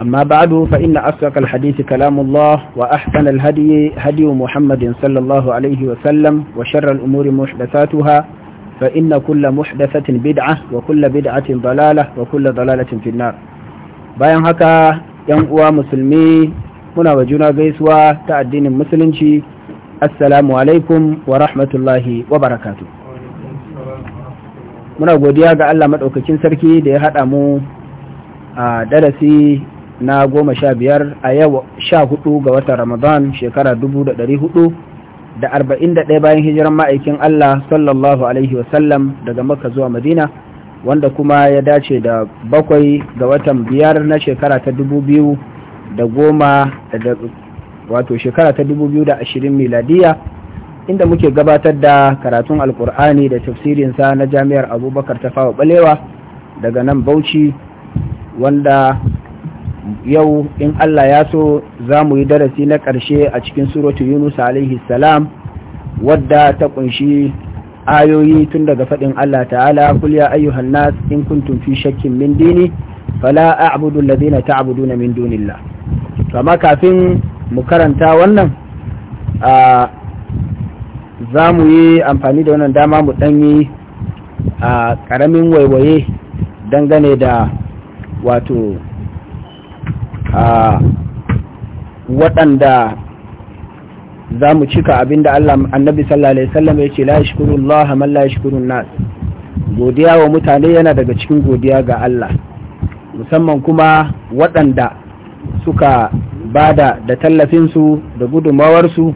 أما بعد فإن أصدق الحديث كلام الله وأحسن الهدي هدي محمد صلى الله عليه وسلم وشر الأمور محدثاتها فإن كل محدثة بدعة وكل بدعة ضلالة وكل ضلالة في النار bayan haka ‘yan uwa musulmi muna wa juna gaisuwa ta addinin musulunci assalamu alaikum wa rahmatullahi wa barakatu muna godiya ga Allah maɗaukakin sarki da ya haɗa mu a darasi na goma sha biyar a yau sha hudu ga watan ramadan shekara dubu da dari hudu da arba'in da ɗaya bayan hijiran ma'aikin Allah sallallahu alaihi wasallam daga makka zuwa madina wanda kuma ya dace da bakwai ga watan biyar na shekara ta dubu biyu da goma da wato shekara ta dubu biyu da ashirin miladiya inda muke gabatar da karatun alkur'ani da tafsirinsa na jami'ar abubakar ta fawa balewa daga nan bauchi wanda yau in Allah ya so za mu yi darasi na ƙarshe a cikin suratu Yunus alaihi salam wadda ta kunshi ayoyi tun daga faɗin Allah ta'ala kul ya ayyuhan nas in kuntum fi shakkin min dini fala a'budu alladhina ta'buduna min dunillah to amma kafin mu karanta wannan a za mu yi amfani da wannan dama mu ɗanyi a ƙaramin waiwaye dangane da wato waɗanda za mu cika abinda Allah annabi sallallahu alaihi wasallam ya ce la yashkurullah man la yashkurun nas godiya wa mutane yana daga cikin godiya ga Allah musamman kuma waɗanda suka bada da tallafinsu da gudunmawarsu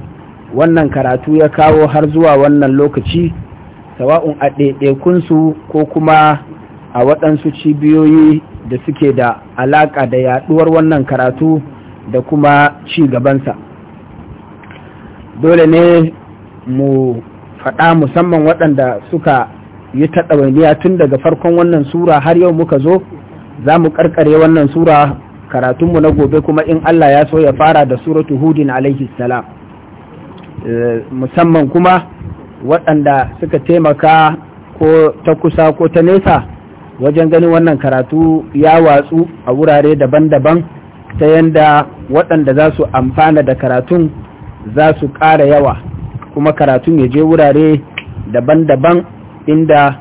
wannan karatu ya kawo har zuwa wannan lokaci sawa'un a ɗaiɗaikunsu ko kuma a waɗansu cibiyoyi da suke da alaka da yaduwar wannan karatu da kuma ci gabansa dole ne mu faɗa musamman waɗanda suka yi ta ɗawainiya tun daga farkon wannan sura har yau muka zo za mu ƙarƙare wannan sura karatunmu na gobe kuma in Allah ya so ya fara da suratu hudin alaihi salam eh, musamman kuma waɗanda suka taimaka ko ta kusa ko ta nesa wajen ganin wannan karatu ya watsu a wurare daban-daban ta yadda waɗanda za su amfana da karatun za su ƙara yawa kuma karatun ya je wurare daban-daban inda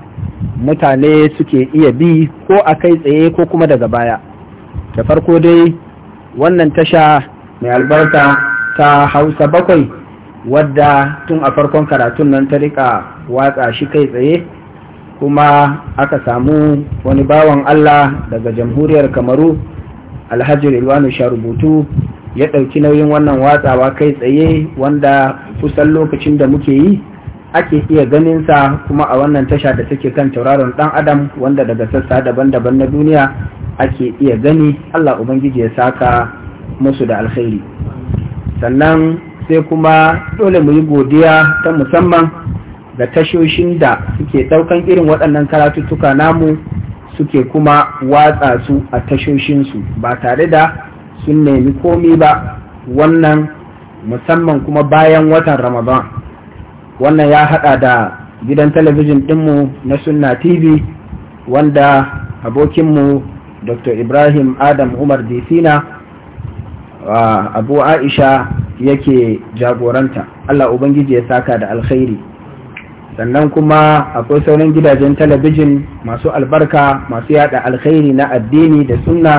mutane suke iya bi ko a kai tsaye ko kuma daga baya da farko dai wannan tasha mai albarka ta hausa bakwai wadda tun a farkon karatun nan ta rika watsa shi kai tsaye kuma aka samu wani bawan Allah daga jamhuriyar kamaru alhaji rilwanu sharubutu ya ɗauki nauyin wannan watsawa kai tsaye wanda kusan lokacin da muke yi ake iya ganin sa kuma a wannan tasha da take kan tauraron ɗan adam wanda daga sassa daban-daban na duniya ake iya gani Allah Ubangiji ya saka musu da alkhairi sannan sai kuma dole mu yi godiya ta musamman da tashoshin da suke ɗaukan irin waɗannan karatuttuka namu suke kuma watsa su a tashoshinsu ba tare da sun nemi komi ba wannan musamman kuma bayan watan ramadan wannan ya haɗa da gidan talabijin ɗinmu na sunna tv wanda abokinmu dr ibrahim adam umar disina abu aisha yake jagoranta allah ubangiji ya saka da alkhairi sannan kuma akwai sauran gidajen talabijin masu albarka masu yada alkhairi na addini da sunna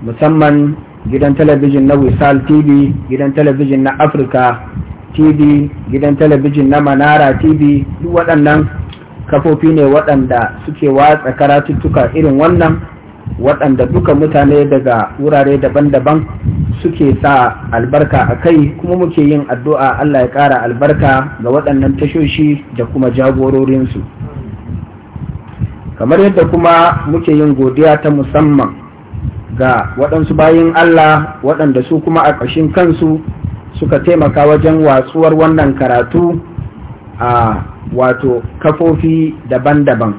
musamman gidan talabijin na wisal tv gidan talabijin na afirka tv gidan talabijin na manara tv duk waɗannan kafofi ne waɗanda suke watsa karatuttuka irin wannan waɗanda duka mutane daga wurare daban-daban suke sa albarka a kai kuma muke yin addu'a Allah ya ƙara albarka ga waɗannan tashoshi da kuma jagororinsu kamar yadda kuma muke yin godiya ta musamman ga waɗansu bayin Allah waɗanda su kuma a ƙashin kansu suka taimaka wajen watsuwar wannan karatu a wato kafofi daban-daban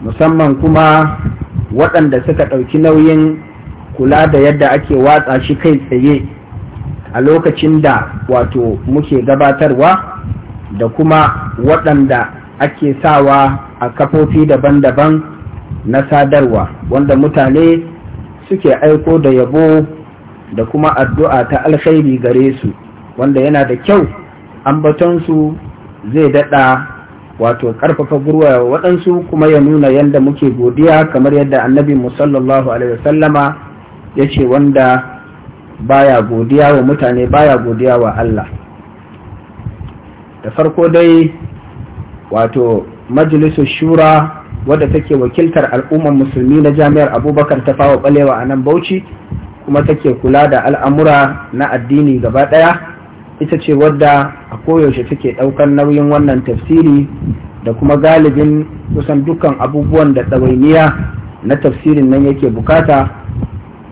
musamman kuma waɗanda suka ɗauki nauyin kula da yadda ake watsa shi kai tsaye a lokacin da wato muke gabatarwa da kuma waɗanda ake sawa a kafofi daban-daban na sadarwa wanda mutane suke aiko da yabo da kuma addu'a ta alkhairi gare su wanda yana da kyau ambatonsu zai daɗa wato karfafa gurwa waɗansu kuma ya nuna yadda muke godiya kamar yadda annabi musallallahu alaihi wasallama ya ce wanda baya godiya wa mutane baya godiya wa Allah da farko dai wato majalisar shura wadda take wakiltar al'ummar musulmi na jami'ar abubakar ta fawa balewa a nan bauchi kuma take kula da al'amura na addini gaba ɗaya ita ce wadda a koyaushe take ɗaukar nauyin wannan tafsiri da kuma galibin kusan dukkan abubuwan da ɗawainiya na tafsirin nan yake bukata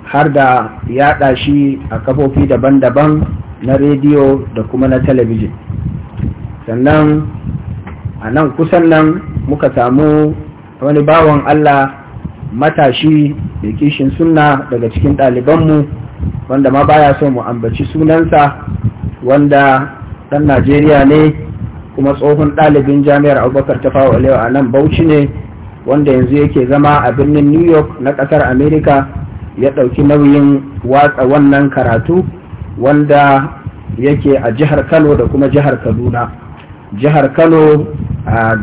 har da yaɗa shi a kafofi daban-daban na rediyo da kuma na talabijin sannan a nan kusan nan muka samu wani bawan allah matashi da kishin sunna daga cikin ɗalibanmu wanda ma baya so mu ambaci sunansa wanda ɗan najeriya ne kuma tsohon ɗalibin jami'ar abubakar ta fawo alewa a nan bauchi ne wanda yanzu yake zama a birnin new york na ƙasar america ya ɗauki nauyin watsa wannan karatu wanda yake a jihar kano da kuma jihar kaduna jihar kano a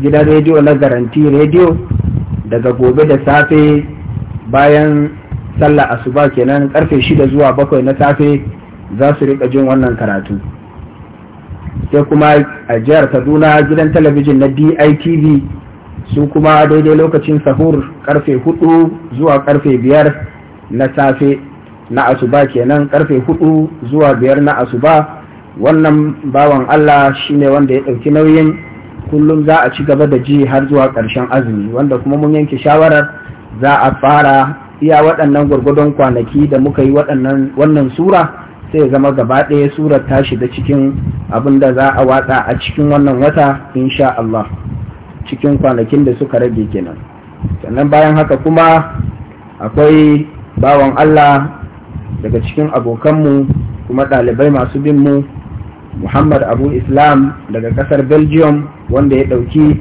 gidan rediyo na garanti rediyo daga gobe da safe bayan sallah asuba kenan karfe shida zuwa bakwai na safe za su rika jin wannan karatu sai kuma a jihar kaduna gidan talabijin na ditv su kuma daidai lokacin sahur karfe hudu zuwa karfe biyar na safe na asuba kenan karfe hudu zuwa biyar na asuba wannan bawan allah shine wanda ya ɗauki nauyin kullum za a ci gaba da ji har zuwa ƙarshen azumi wanda kuma mun yanke shawarar za a fara iya waɗannan gwargwadon kwanaki da muka yi wannan sura sai zama gaba ɗaya surar ta shiga cikin abin da za a watsa a cikin wannan wata insha Allah cikin kwanakin da suka rage kenan sannan bayan haka kuma akwai bawan Allah daga cikin abokanmu kuma ɗalibai masu bin mu Muhammad Abu Islam daga ƙasar Belgium wanda ya ɗauki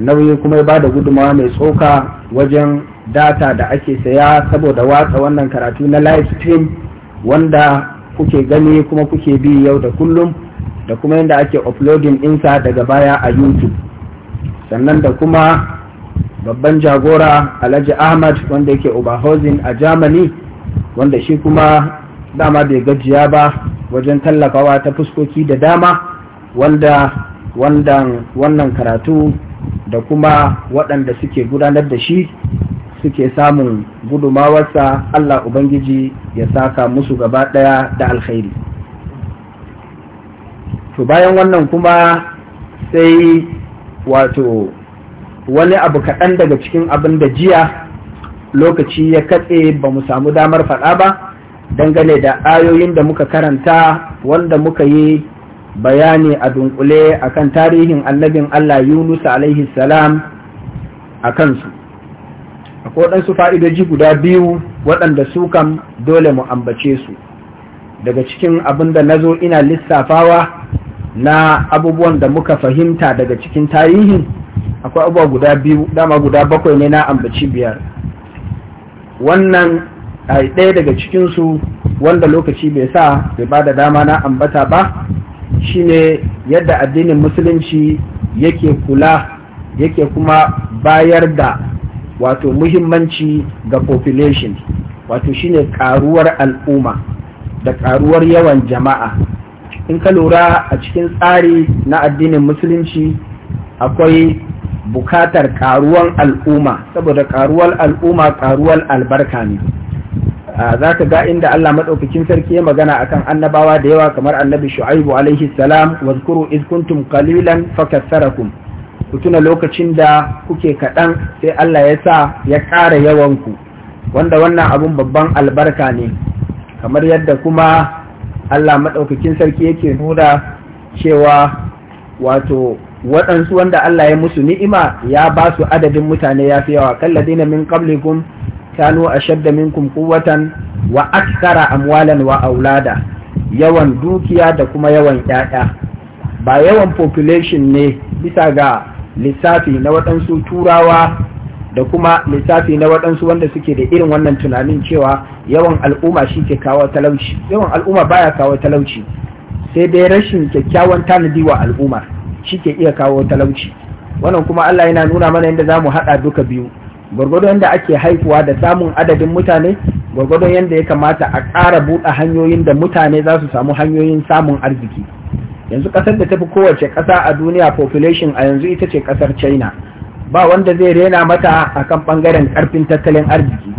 nauyi kuma ya ba da gudumawa mai tsoka wajen data da ake saya saboda watsa wannan karatu na live stream wanda kuke gani kuma kuke bi yau da kullum da kuma yadda ake uploading insa daga baya a youtube sannan da kuma babban jagora alhaji ahmad wanda yake oberhausen a germany wanda shi kuma dama bai gajiya ba wajen tallafawa ta fuskoki da dama wanda wannan karatu da kuma waɗanda suke gudanar da shi suke samun gudumawarsa Allah Ubangiji ya saka musu gaba ɗaya da alkhairi. To bayan wannan kuma sai wato wani abu kaɗan daga cikin abin da jiya lokaci ya katse ba mu samu damar faɗa ba dangane da ayoyin da muka karanta wanda muka yi bayani a dunkule akan tarihin annabin Allah Yunus alaihi salam a kansu. akwai waɗansu fa'idoji guda biyu waɗanda su kam dole mu ambace su daga cikin abin da na zo ina lissafawa na abubuwan da muka fahimta daga cikin tarihi akwai abubuwa guda biyu dama guda bakwai ne na ambaci biyar wannan ɗaya daga cikinsu wanda lokaci bai sa bai ba da dama na ambata ba shine yadda addinin musulunci yake kula yake kuma bayar da wato muhimmanci ga population wato shine karuwar al'umma da karuwar yawan jama'a in ka lura a cikin tsari na addinin musulunci akwai bukatar karuwan al'umma saboda karuwar al'umma karuwar albarka ne za ka ga inda Allah maɗaukakin sarki ya magana akan annabawa da yawa kamar annabi shu'aibu alaihi salam wazkuru iz kuntum qalilan fakassarakum ku tuna lokacin da kuke kaɗan sai Allah ya sa ya ƙara yawanku wanda wannan abun babban albarka ne kamar yadda kuma Allah maɗaukakin sarki yake nuna cewa wato waɗansu wanda Allah ya musu ni'ima ya ba su adadin mutane ya fi yawa daina min qablikum kanu ashadda minkum quwwatan wa akthara amwalan wa aulada yawan dukiya da kuma yawan ƴaƴa ba yawan population ne bisa ga lissafi na waɗansu turawa da kuma lissafi na waɗansu wanda suke da irin wannan tunanin cewa yawan al'umma shi ke kawo talauci yawan al'umma baya kawo talauci sai dai rashin kyakkyawan tanadi wa al'umma shi ke iya kawo talauci wannan kuma Allah yana nuna mana yadda zamu haɗa duka biyu gwargwadon yadda ake haifuwa da samun adadin mutane gwargwadon yadda ya kamata a ƙara buɗe hanyoyin da mutane za su samu hanyoyin samun arziki yanzu ƙasar da ta fi kowace ƙasa a duniya population a yanzu ita ce kasar china ba wanda zai rena mata a kan bangaren karfin tattalin arziki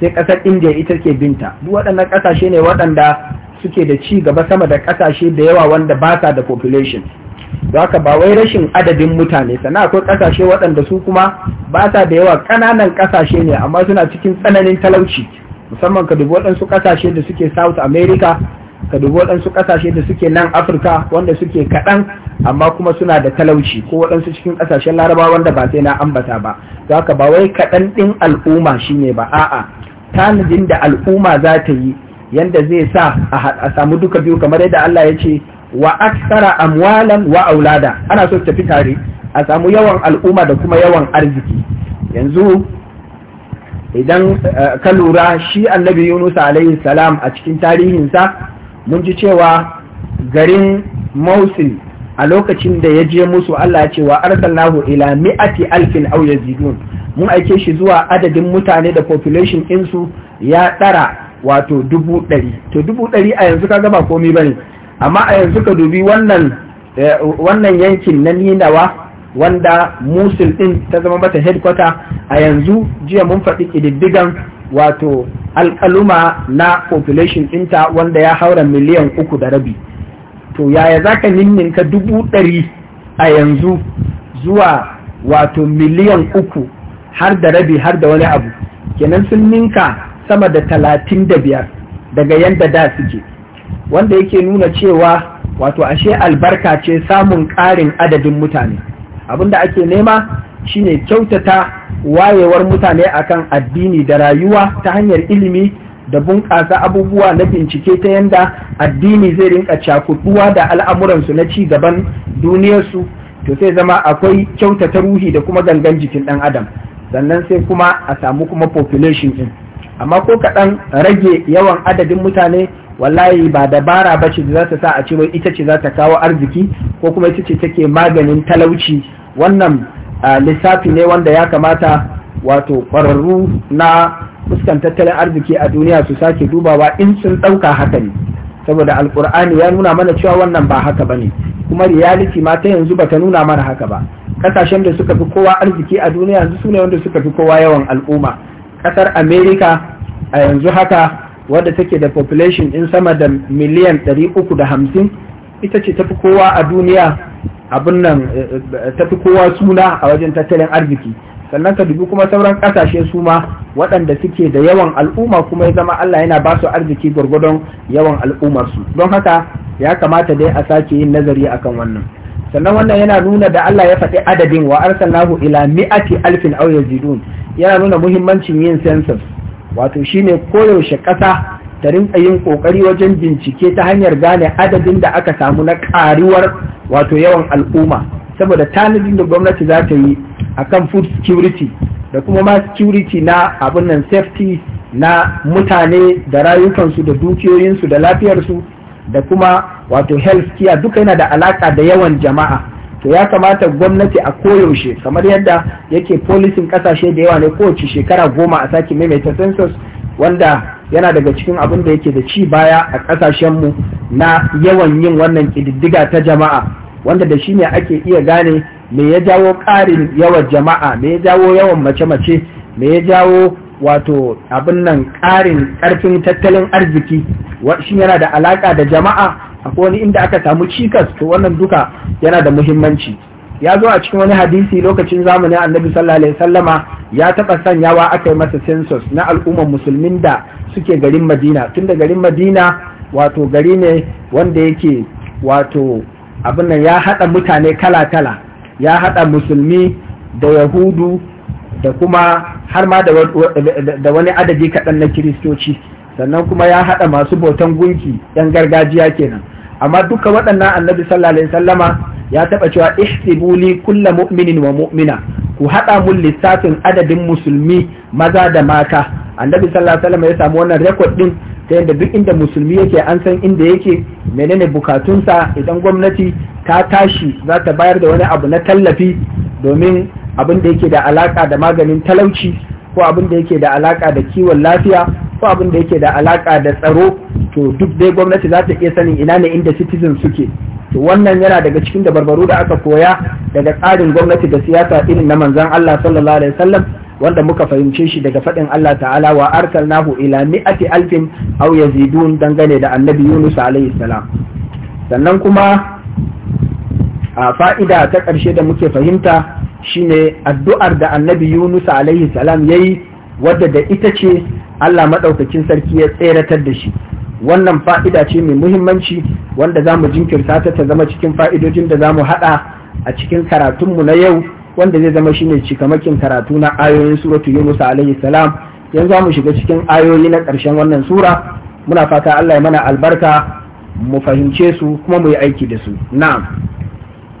sai ƙasar india ita ke binta duk waɗannan kasashe ne waɗanda suke da ci gaba sama da kasashe da yawa wanda ba sa da population haka ba wai rashin adadin mutane sana akwai kasashe waɗanda su kuma ba sa da yawa ƙananan ƙasashe ne amma suna cikin tsananin talauci musamman ka dubi waɗansu kasashe da suke south america ka dubi waɗansu ƙasashe da suke nan afirka wanda suke kaɗan amma kuma suna da talauci ko waɗansu cikin ƙasashen laraba wanda ba sai na ambata ba za ka ba wai kaɗan ɗin al'umma shine ba a'a tanadin da al'umma za ta yi yanda zai sa a samu duka biyu kamar yadda Allah ya ce wa aksara amwalan wa aulada ana so tafi tare a samu yawan al'umma da kuma yawan arziki yanzu idan eh, ka lura shi annabi yunusa alaihi salam a cikin tarihinsa mun ji cewa garin Mosul a lokacin da ya je musu Allah cewa ce wa arsalnahu ila mi'ati alfin aw yazidun mun aike shi zuwa adadin mutane da population insu ya ɗara wato dubu ɗari to dubu ɗari a yanzu komi ba komai bane amma a yanzu ka dubi wannan eh, wannan yankin na ninawa wanda musul din ta zama mata headquarter a yanzu jiya mun faɗi ƙididdigan wato alƙaluma na population ɗinta wanda ya haura miliyan uku da rabi to yaya za ka ninninka dubu ɗari a yanzu zuwa wato miliyan uku har da rabi har da wani abu kenan sun ninka sama da talatin da biyar daga yadda da suke wanda yake nuna cewa wato ashe albarka ce samun ƙarin adadin mutane da ake nema shine kyautata wayewar mutane akan addini da rayuwa ta hanyar ilimi da bunƙasa abubuwa na bincike ta yanda addini zai rinka cakuduwa da al'amuransu na ci gaban duniyarsu to sai zama akwai kyautata ruhi da kuma gangan jikin ɗan adam sannan sai kuma a samu kuma population din amma ko kaɗan rage yawan adadin mutane wallahi ba dabara ba ce da za ta sa a ce wai ita ce za ta kawo arziki ko kuma ita ce take maganin talauci wannan lissafi ne wanda ya kamata wato ƙwararru na fuskan tattalin arziki a duniya su sake dubawa in sun ɗauka haka ne saboda alkur'ani ya nuna mana cewa wannan ba haka ba ne kuma reality ma ta yanzu ba ta nuna mana haka ba ƙasashen da suka fi kowa arziki a duniya yanzu su ne wanda suka fi kowa yawan al'umma ƙasar america a yanzu haka wadda take da population in sama da miliyan ɗari uku da hamsin ita ce ta fi kowa a duniya abin nan eh, eh, ta fi kowa suna a wajen tattalin arziki sannan ka dubi kuma sauran kasashe su ma waɗanda suke da yawan al'umma kuma ya zama Allah yana ba su arziki gwargwadon yawan al'ummar su don haka ya kamata dai a sake yin nazari akan wannan sannan wannan yana nuna da Allah ya faɗi adadin wa arsalnahu ila mi'ati alfin aw yazidun yana nuna muhimmancin yin census wato shine koyaushe ƙasa ta rinka yin kokari wajen bincike ta hanyar gane adadin da aka samu na karuwar wato yawan al'umma saboda tanadin da gwamnati za ta yi kan food security da kuma ma security na abin nan safety na mutane da rayukansu da dukiyoyinsu da lafiyarsu da kuma wato health care duka yana da alaka da yawan jama'a to ya kamata gwamnati a koyaushe kamar yadda yake policing kasashe da yawa ne kowace shekara goma a sake maimaita census wanda yana daga cikin abin da yake da ci baya a ƙasashenmu na yawan yin wannan ƙididdiga ta jama'a wanda da shi ne ake iya gane me ya jawo ƙarin yawan jama'a me ya jawo yawan mace-mace me ya jawo wato abin nan ƙarin ƙarfin tattalin arziki shi yana da alaƙa da jama'a akwai wani inda aka samu cikas to wannan duka yana da muhimmanci ya zo a cikin wani hadisi lokacin zamanin annabi sallallahu alaihi sallama ya taɓa sanyawa aka yi masa census na al'ummar musulmin da suke garin madina tun da garin madina wato gari ne wanda yake wato abin ya haɗa mutane kala-kala ya haɗa musulmi da yahudu da kuma har ma da wani adadi kaɗan na kiristoci sannan kuma ya haɗa masu bautan gunki 'yan gargajiya kenan amma duka waɗannan annabi sallallahu alaihi sallama ya taɓa cewa ihtibuli kulla mu'minin wa mu'mina ku haɗa mun lissafin adadin musulmi maza da mata annabi sallallahu alaihi wasallam ya samu wannan rekod din ta yadda duk inda musulmi yake an san inda yake menene bukatunsa idan gwamnati ta tashi za ta bayar da wani abu na tallafi domin abin da yake da alaka da maganin talauci ko abin da yake da alaka da kiwon lafiya ko abin da yake da alaka da tsaro to duk dai gwamnati za ta iya sanin ina ne inda citizen suke to wannan yana daga cikin dabarbaru da aka koya daga tsarin gwamnati da siyasa irin na manzan Allah sallallahu alaihi wasallam wanda muka fahimce shi daga faɗin Allah ta'ala wa arsalnahu ila mi'ati alfin aw yazidun dangane da annabi Yunus alaihi sannan kuma a fa'ida ta ƙarshe da muke fahimta shine addu'ar da annabi Yunus alaihi salam yayi wadda da ita ce Allah Maɗaukacin sarki ya tseratar da shi wannan fa'ida ce mai muhimmanci wanda za mu jinkirta ta ta zama cikin fa'idojin da za mu haɗa a cikin karatunmu na yau wanda zai zama shine cikamakin karatu na ayoyin suratu yunus alaihi salam yanzu mu shiga cikin ayoyi na ƙarshen wannan sura muna fata allah ya mana albarka mu fahimce su kuma mu yi aiki da su na'am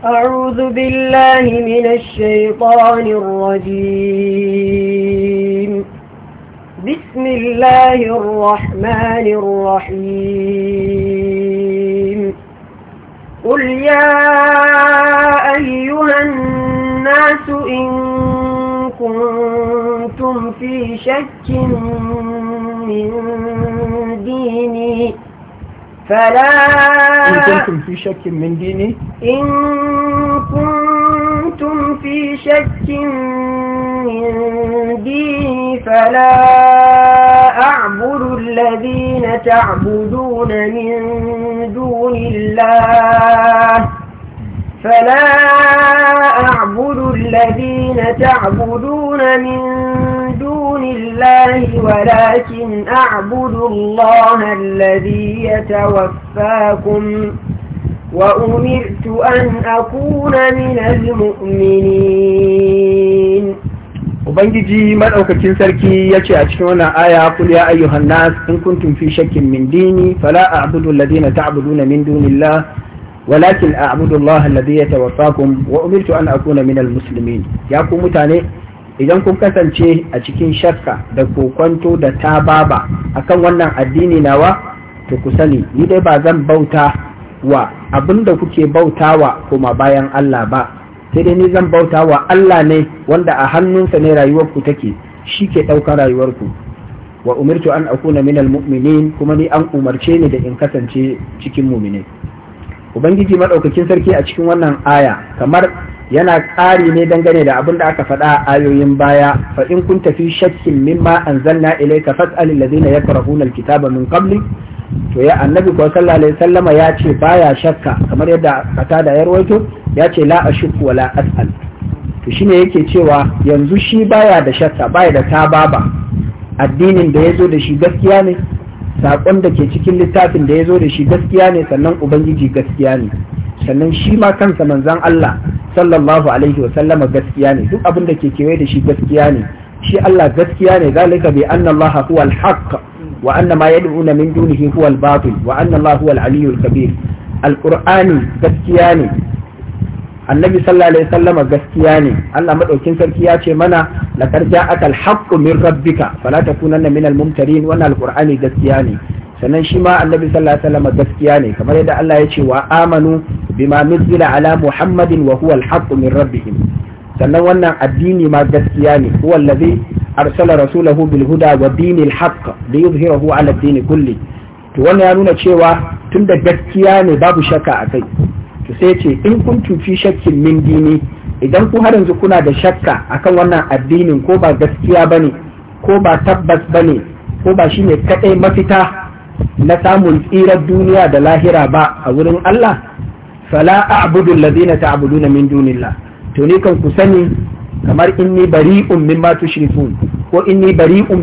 أعوذ بالله من الشيطان الرجيم بسم الله الرحمن الرحيم قل يا أيها الناس إن كنتم في شك من ديني فلا إن كنتم في شك من ديني إن كنتم كنتم في شك من دينه فلا أعبد الذين تعبدون من دون الله فلا أعبد الذين تعبدون من دون الله ولكن أعبد الله الذي يتوفاكم ۖ وأمرت أن أكون من المؤمنين Ubangiji maɗaukakin sarki ya ce a cikin wannan aya kul ya ayyuhan nas in kuntum fi shakkin min dini fala a'budu alladhina ta'buduna min dunillah walakin a'budu Allah alladhi yatawaffakum wa umirtu an akuna minal muslimin ya ku mutane idan kun kasance a cikin shakka da kokwanto da tababa akan wannan addini nawa to ku sani ni dai ba zan bauta wa abin da kuke bautawa kuma bayan Allah ba sai dai ni zan bautawa Allah ne wanda a hannunsa ne rayuwarku take shi ke ɗaukar rayuwarku wa umirtu an akuna minal mu'minin kuma ni an umarce ni da in kasance cikin mu'minai ubangiji madaukakin sarki a cikin wannan aya kamar yana ƙari ne dangane da abin da aka faɗa a ayoyin baya fa in kun tafi shakkin mimma anzalna ilayka fas'al alladhina yaqra'una alkitaba min qabli to ya annabi ko sallallahu alaihi sallama ya ce baya shakka kamar yadda kata da 'yar rawaito ya ce la ashku wala as'al to shine yake cewa yanzu shi baya da shakka baya da tababa addinin da yazo da shi gaskiya ne sakon da ke cikin littafin da yazo da shi gaskiya ne sannan ubangiji gaskiya ne sannan shi ma kansa manzon Allah sallallahu alaihi wasallama gaskiya ne duk abin da ke kewaye da shi gaskiya ne shi Allah gaskiya ne zalika bi anna Allah huwa haqq wa anna ma min dunihi huwa al-batil wa anna Allah huwa al-aliyyul gaskiya ne annabi sallallahu alaihi gaskiya ne Allah madaukin sarki ya ce mana laqad ja'aka al-haqqu min rabbika fala takunanna minal mumtarin wannan al-qur'ani gaskiya ne sannan shi ma annabi sallallahu alaihi wasallam gaskiya ne kamar yadda Allah ya ce wa amanu bima nuzila ala muhammadin wa huwa al min rabbihim sannan wannan addini ma gaskiya ne huwa allazi arsala rasulahu bil huda wa dinil haqq li yuzhirahu ala din kulli to wannan ya nuna cewa tunda gaskiya ne babu shakka a kai to sai ce in kun tufi shakkin min dini idan ku har yanzu kuna da shakka akan wannan addinin ko ba gaskiya bane ko ba tabbas bane ko ba shine kadai mafita na samun tsirar duniya da lahira ba a wurin Allah fala a'budu allazina ta'buduna min dunillah to ni kan ku sani kamar inni min ma tushrikun ko inni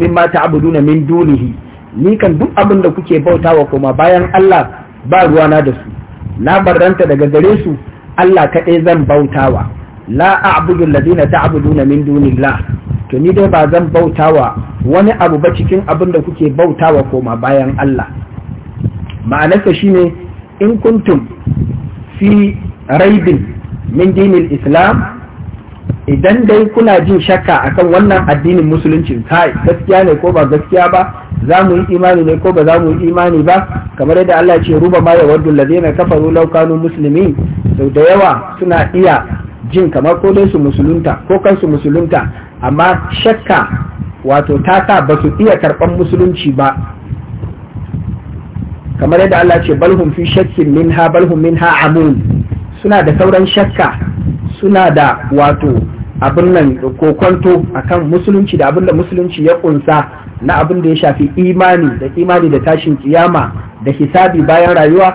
min ma ta'buduna min dunihi ni kan duk abin da kuke bautawa kuma bayan Allah ba ruwana da su na barranta daga gare su Allah kaɗai zan bautawa la a'budu alladhina ta'buduna min dunillah to ni dai ba zan bautawa wani abu ba cikin abin da kuke bautawa koma bayan Allah ma'anarsa shine in kuntum fi raibin min dinil islam idan dai kuna jin shakka akan wannan addinin musulunci kai gaskiya ne ko ba gaskiya ba za mu yi imani ne ko ba za mu yi imani ba kamar yadda Allah ce ruba ma yawaddu ladina kafaru law kanu muslimin sau da yawa suna iya jin kamar ko dai su musulunta ko kansu musulunta amma shakka wato ta sa ba su iya karban musulunci ba kamar yadda Allah ce balhum fi shakkin minha balhum minha amun suna da sauran shakka suna da wato abin nan kokonto kan musulunci da abin da musulunci ya kunsa na abin da ya shafi imani da imani da tashin kiyama da hisabi bayan rayuwa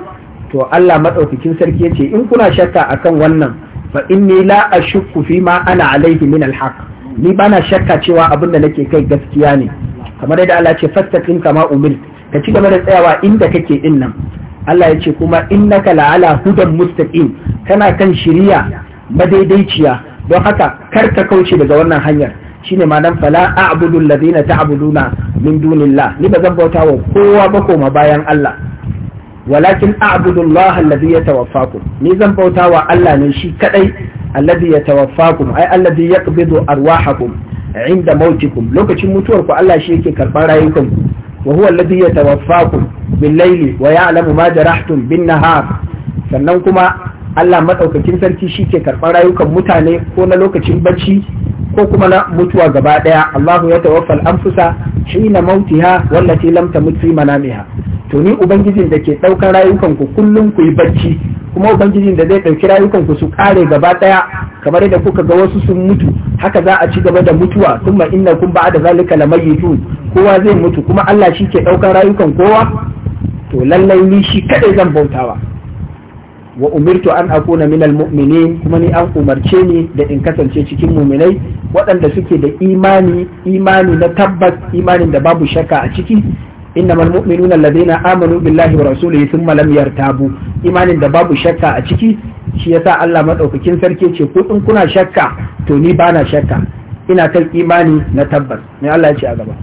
to Allah madaukakin sarki ya ce, in kuna shakka a kan wannan fa inni la shukku fi ma ana alaihi min alhaq ni ba na shakka cewa abin da nake kai gaskiya ne kamar yadda Allah ce fastaqim kama umir ka ci gaba da tsayawa inda kake din nan Allah ya ce kuma innaka ala hudan mustaqim kana kan shiriya madaidaiciya don haka kar ka kauce daga wannan hanyar shine ma'anar fala a'budu alladhina ta'buduna min dunillah ni ba zan bauta wa kowa ba koma bayan Allah walakin a'budu Allah alladhi yatawaffakum ni zan bauta wa Allah ne shi kadai alladhi yatawaffakum ai alladhi yaqbidu arwahakum inda mautikum lokacin mutuwar ku Allah shi yake karban rayukan wa huwa alladhi yatawaffakum bil layli wa ya'lamu ma jarahtum bin nahar sannan kuma Allah maɗaukakin sarki shi ke karɓar rayukan mutane ko na lokacin bacci ko kuma na mutuwa gaba ɗaya Allahu ya tawaffal shi hina mautiha wallati lam tamut fi manamiha to ni ubangijin da ke ɗaukar rayukan ku kullum ku yi bacci kuma ubangijin da zai ɗauki rayukan ku su ƙare gaba ɗaya kamar yadda kuka ga wasu sun mutu haka za a ci gaba da mutuwa tun thumma innakum ba'da zalika lamayyitun kowa zai mutu kuma Allah shi ke ɗaukar rayukan kowa to lallai ni shi kaɗai zan bautawa wa umirtu an akona minal mu'minin kuma ni an umarce ni da in kasance cikin muminai waɗanda suke da imani na tabbas imanin da babu shakka a ciki innamal mu'minuna alladhina amanu billahi wa rasulihi thumma lam yartabu imanin da babu shakka a ciki shi yasa Allah madaukakin sarki ce ko in kuna shakka to ni bana shakka ina kan imani na tabbas ne Allah ce a gaba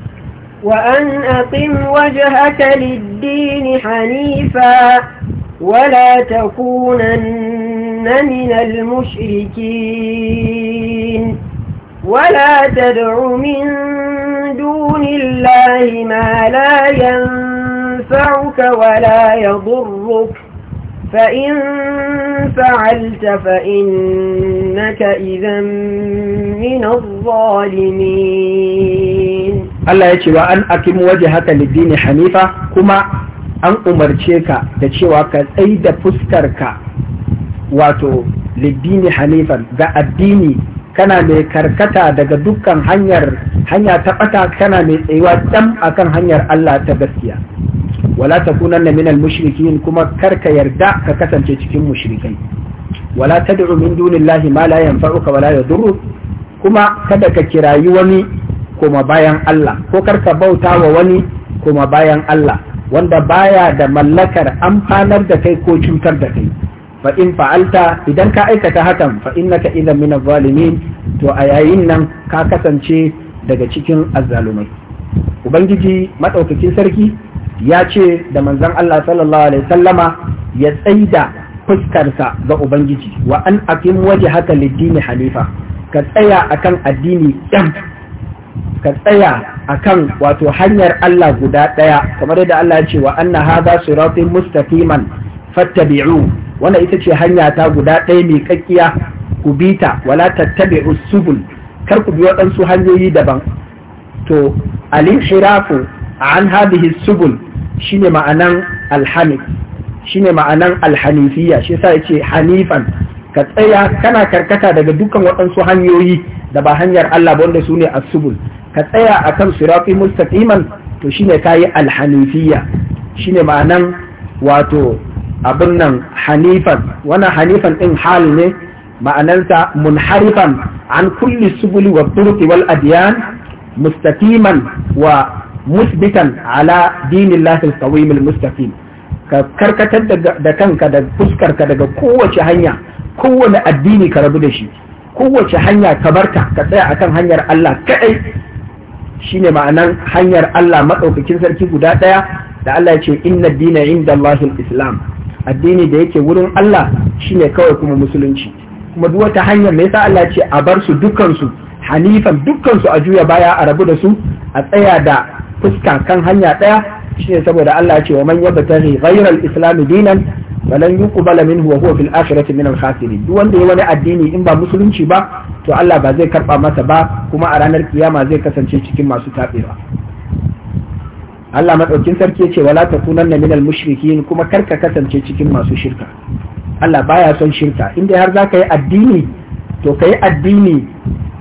wa an aqim wajhaka lid-din hanifa ولا تكونن من المشركين ولا تدع من دون الله ما لا ينفعك ولا يضرك فإن فعلت فإنك إذا من الظالمين الله يتشوى أن أكم وجهك للدين حنيفة كما an umarce ka da cewa ka tsai da fuskarka wato libini hanifan ga addini kana mai karkata daga dukkan hanyar hanya ta bata kana mai tsayuwa dam akan hanyar Allah ta gaskiya wala takunanna minal mushrikin kuma karka yarda ka kasance cikin mushrikai wala tad'u min dunillahi ma la yanfa'uka wala yadurru kuma kada ka kirayi wani kuma bayan Allah ko karka bauta wa wani kuma bayan Allah wanda baya da mallakar amfanar da kai ko cutar da kai fa in fa'alta idan ka aikata hakan fa innaka idan min zalimin to a yayin nan ka kasance daga cikin azzalumai ubangiji madaukakin sarki ya ce da manzon Allah sallallahu alaihi sallama ya tsaida fuskarsa ga ubangiji wa an aqim wajhaka lid-din halifa ka tsaya akan addini ɗan ka tsaya a kan wato hanyar Allah guda ɗaya kamar yadda Allah ya ce wa anna hadha siratin mustaqiman fattabi'u wannan ita ce hanya ta guda ɗaya mai kakkiya ku bi ta wala tattabi'u subul kar ku bi waɗansu hanyoyi daban to al a an hadhihi subul shine ma'anan alhanif shine ma'anan alhanifiyya shi ya yace hanifan ka tsaya kana karkata daga dukkan waɗansu hanyoyi da ba hanyar Allah ba wanda su ne asubul ka tsaya a kan surafi mustaqiman to shi ne ka yi alhanifiya shi ne ma'anan wato abin nan hanifan wani hanifan ɗin hal ne ma'anansa munharifan an kulli subuli wa turki wal adiyan mustaqiman wa musbitan ala dinin lafin qawim mil mustaqim ka karkatar da kanka da fuskarka daga kowace hanya kowane addini ka rabu da shi kowace hanya ka barka ka tsaya akan hanyar Allah kadai shine ma'anan hanyar Allah maɗaukakin sarki guda ɗaya da Allah ya ce inna dina inda Allahil Islam addini da yake wurin Allah shine kawai kuma musulunci kuma duk wata hanyar me yasa Allah ce a bar su dukkan su hanifan dukkan su a juya baya a rabu da su a tsaya da fuska kan hanya ɗaya shine saboda Allah ya ce wa man yabtaghi ghayra al-islam dinan falan yuqbala minhu wa huwa fil akhirati min al-khasirin duk wanda ya wani addini in ba musulunci ba to Allah ba zai karɓa masa ba kuma a ranar kiyama zai kasance cikin masu taɓewa Allah maɗaukin sarki ce wala na minal mushrikin kuma karka kasance cikin masu shirka Allah baya son shirka inda har za ka yi addini to ka yi addini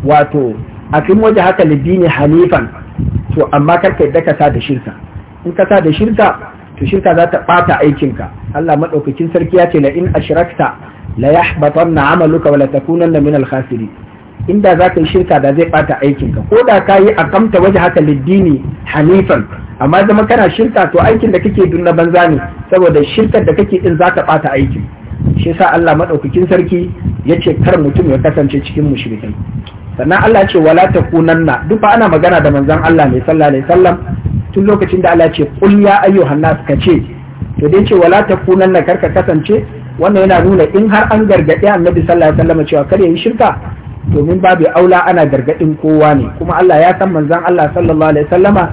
wato a kin waje haka lidini hanifan to amma karka yadda ka sa da shirka in ka sa da shirka to shirka za ta ɓata aikinka Allah maɗaukakin sarki ya ce la in ashrakta la yahbatanna amaluka wa la takunanna minal khasirin inda za ka yi shirka da zai bata aikinka ko da ka yi akamta waje haka liddini hanifan amma zama kana shirka to aikin da kake dunna banza ne saboda shirkar da kake din za ka bata aikin shi sa Allah madaukakin sarki ya ce kar mutum ya kasance cikin mushrikai sannan Allah ce wala takunanna duk ana magana da manzon Allah ne sallallahu alaihi wasallam tun lokacin da Allah ce qul ya ayyuhan nas ka ce to dai ce wala takunanna ka kasance wannan yana nuna in har an gargaɗi annabi sallallahu alaihi wasallam cewa kar ya yi shirka domin babu aula ana gargadin kowa ne kuma Allah ya san manzon Allah sallallahu alaihi wasallama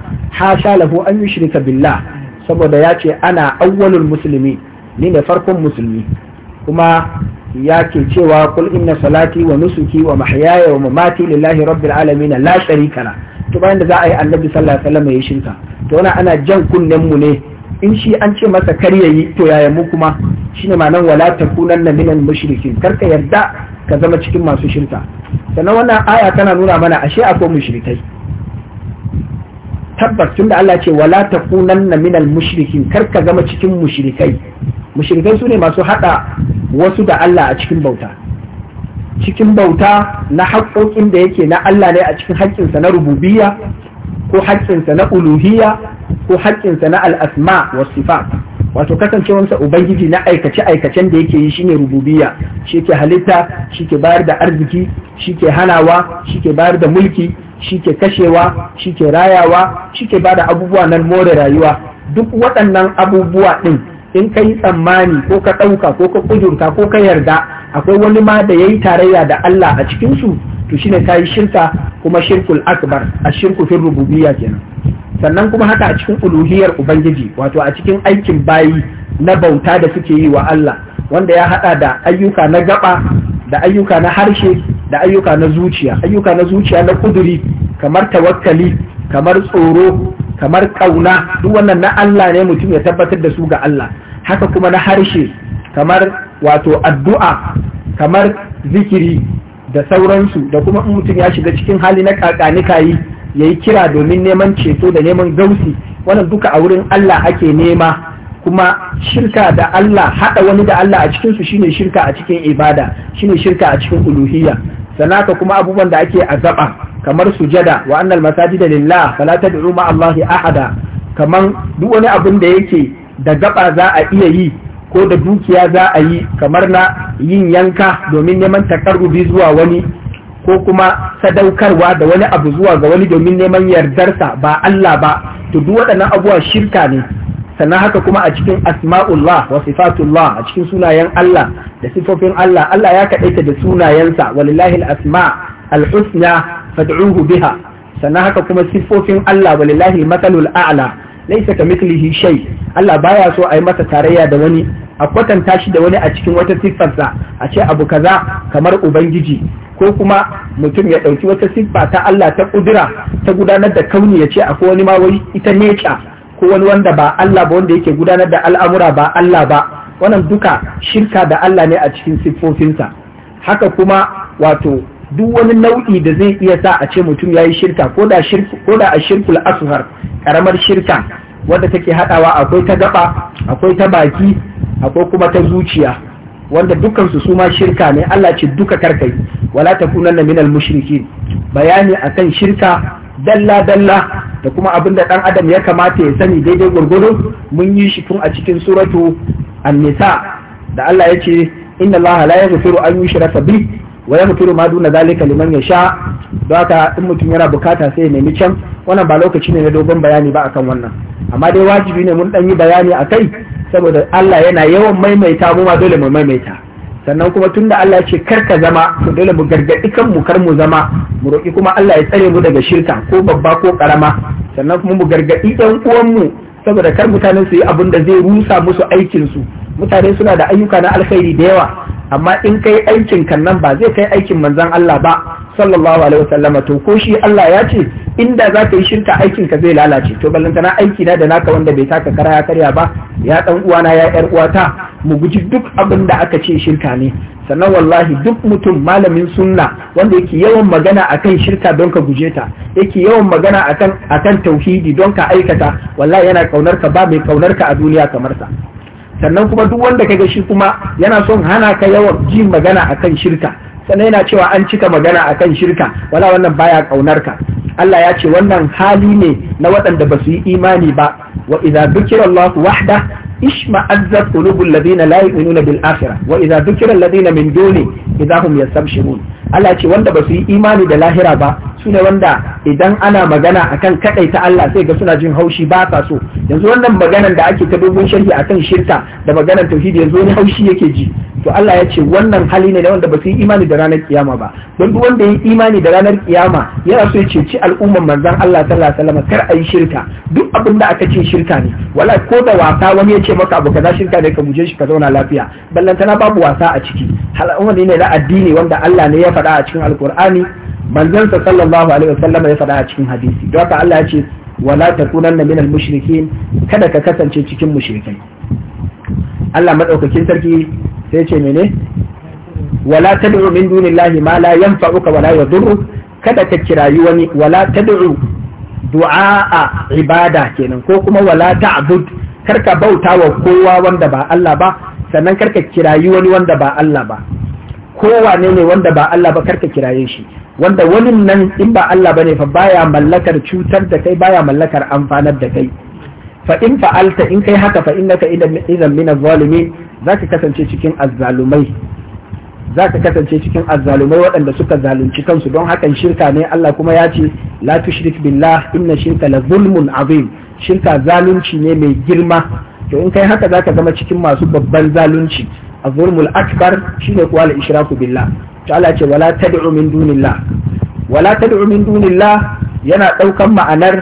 lahu an yushrika billah saboda ya ce ana awwalul Musulmi, ni ne farkon musulmi kuma ya ke cewa kul inna salati wa nusuki wa mahyaya wa mamati lillahi rabbil alamin la sharika la to bayan da za a yi annabi sallallahu alaihi wasallam ya shirka to ana jan kunnen mu ne in shi an ce masa kar yi to yaya mu kuma shine ma nan wala kunan minal mushrikin kar ka yarda ka zama cikin masu shirka sannan wannan aya tana nuna mana ashe akwai mushrikai tabbas tun da Allah ce wala ta kunan minal mushrikin kar ka zama cikin mushrikai mushrikai sune masu hada wasu da Allah a cikin bauta cikin bauta na haƙoƙin da yake na Allah ne a cikin haƙƙinsa na rububiyya ko haƙƙinsa na uluhiyya ko haƙƙinsa na al'asma wa sifat wato kasancewarsa ubangiji na aikace aikacen da yake yi shine rububiya. shi ke halitta shi ke bayar da arziki shi ke hanawa shi ke bayar da mulki shi ke kashewa shi ke rayawa shi ke bada abubuwa nan more rayuwa duk waɗannan abubuwa ɗin in ka yi tsammani ko ka ɗauka ko ka ƙudurta ko ka yarda akwai wani ma da ya yi tarayya da Allah a cikinsu to shine ka yi shirka kuma shirkul akbar a shirku fin rububiya kenan sannan kuma haka a cikin uluhiyar ubangiji wato a cikin aikin bayi na bauta da suke yi wa Allah wanda ya hada da ayyuka na gaba da ayyuka na harshe da ayyuka na zuciya ayyuka na zuciya na kuduri kamar tawakkali kamar tsoro kamar kauna duk wannan na Allah ne mutum ya tabbatar da su ga Allah haka kuma na harshe kamar wato addu'a kamar zikiri da sauransu da kuma mutum ya shiga cikin hali na kakanikayi ya yi kira domin neman ceto da neman gausi wannan duka a wurin Allah ake nema kuma shirka da Allah haɗa wani da Allah a cikinsu shine shirka a cikin ibada shine shirka a cikin uluhiyya sanaka kuma abubuwan da ake azaba kamar sujada wa annal masajida lillah fala tad'u ma Allahi ahada kaman duk wani abin da yake da gaba za a iya yi ko da dukiya za a yi kamar na yin yanka domin neman takarrubi zuwa wani ko kuma sadaukarwa da wani abu zuwa ga wani domin neman yardarsa ba Allah ba to duk waɗannan abubuwa shirka ne sannan haka kuma a cikin asma'ullah wa sifatullah a cikin sunayen Allah da sifofin Allah Allah ya kaɗaita da sunayensa walillahi al-asma al-husna fad'uhu biha sannan haka kuma sifofin Allah walillahi al-matalul a'la laysa kamithlihi shay Allah baya so a yi masa tarayya da wani a kwatanta shi da wani a cikin wata siffarsa a ce abu kaza kamar ubangiji ko kuma mutum ya ɗauki wata siffa ta Allah ta ƙudura ta gudanar da kauni ya ce akwai wani ma wai ita neca ko wani wanda ba Allah ba wanda yake gudanar da al'amura ba Allah ba wannan duka shirka da Allah ne a cikin siffofinsa haka kuma wato duk wani nau'i da zai iya sa a ce mutum ya yi shirka ko da a shirkul asuhar karamar shirka wanda take haɗawa akwai ta gaba akwai ta baki akwai kuma ta zuciya wanda dukkansu su ma shirka ne Allah ce duka karkai wala takunanna minal mushrikin bayani akan shirka dalla dalla da kuma abin da dan adam ya kamata ya sani daidai gurgudu mun yi shi tun a cikin suratu an-nisa da Allah ya ce inna Allah la yaghfiru an yushraka bih wa yaghfiru ma duna zalika liman yasha don haka in mutum yana bukata sai ya nemi can wannan ba lokaci ne na dogon bayani ba akan wannan amma dai wajibi ne mun dan yi bayani akai saboda Allah yana yawan maimaita mu ma dole mu maimaita sannan kuma tunda Allah ce kar ka zama to dole mu gargadi kanmu kar mu zama mu roki kuma Allah ya tsare mu daga shirka ko babba ko karama sannan kuma mu gargadi ɗan uwanmu saboda kar mutanen su yi abin da zai rusa musu aikin su mutane suna da ayyuka na alkhairi da yawa amma in kai aikin kan nan ba zai kai aikin manzon Allah ba sallallahu alaihi wasallama to ko shi Allah ya ce inda za ka yi shirka aikin ka zai lalace to na aiki na da naka wanda bai taka kara ya karya ba ya dan uwana ya yar uwata mu guji duk abin da aka ce shirka ne sannan wallahi duk mutum malamin sunna wanda yake yawan magana akan shirka don ka guje ta yake yawan magana akan akan tauhidi don ka aikata wallahi yana kaunar ka ba mai kaunar ka a duniya kamar sa sannan kuma duk wanda kaga shi kuma yana son hana ka yawan jin magana akan shirka sannan yana cewa an cika magana a kan shirka wala wannan baya kaunar ka Allah ya ce wannan hali ne na waɗanda ba su yi imani ba wa idza dhukira Allah wahda ishma'azzat qulubul ladina la yu'minuna bil akhirah wa idza dhukira alladina min duni idza hum yastabshirun Allah ya ce wanda ba su yi imani da lahira ba su ne wanda idan ana magana akan ta Allah sai ga suna jin haushi ba sa so yanzu wannan maganan da ake ta dogon sharhi akan shirka da maganar tauhidi yanzu wani haushi yake ji to Allah ya ce wannan hali ne da wanda ba su yi imani da ranar kiyama ba don duk wanda ya yi imani da ranar kiyama yana so ya ceci al'umman manzan Allah sallallahu alaihi wasallam kar a yi shirka duk abin da aka ce shirka ne wala ko da wasa wani ya ce maka abu kaza shirka ne ka guje shi ka zauna lafiya ballantana babu wasa a ciki hal'umma ne na addini wanda Allah ne ya faɗa a cikin alkur'ani manzon sa sallallahu alaihi wasallam ya faɗa a cikin hadisi don haka Allah ya ce wala takunanna minal mushrikin kada ka kasance cikin mushrikai Allah madaukakin sarki sai ce mene wala tad'u min dunillahi ma la yanfa'uka wala yadurruk kada ka kirayi wani wala tad'u du'a ibada kenan ko kuma wala ta'bud karka bauta wa kowa wanda ba Allah ba sannan karka kirayi wani wanda ba Allah ba kowa ne ne wanda ba Allah ba karka kiraye shi wanda wannan nan in ba Allah bane fa baya mallakar cutar da kai baya mallakar amfanar da kai fa in fa'alta in kai haka fa innaka idan min az zaka kasance cikin azzalumai za ka kasance cikin azzalumai waɗanda suka zalunci kansu don hakan shirka ne Allah kuma ya ce la tushrik billah inna shirka la zulmun azim shirka zalunci ne mai girma to in kai haka zaka zama cikin masu babban zalunci azulmul akbar shine kuwa al ishraku billah Allah ce wala tad'u min dunillah wala tad'u min dunillah yana daukan ma'anar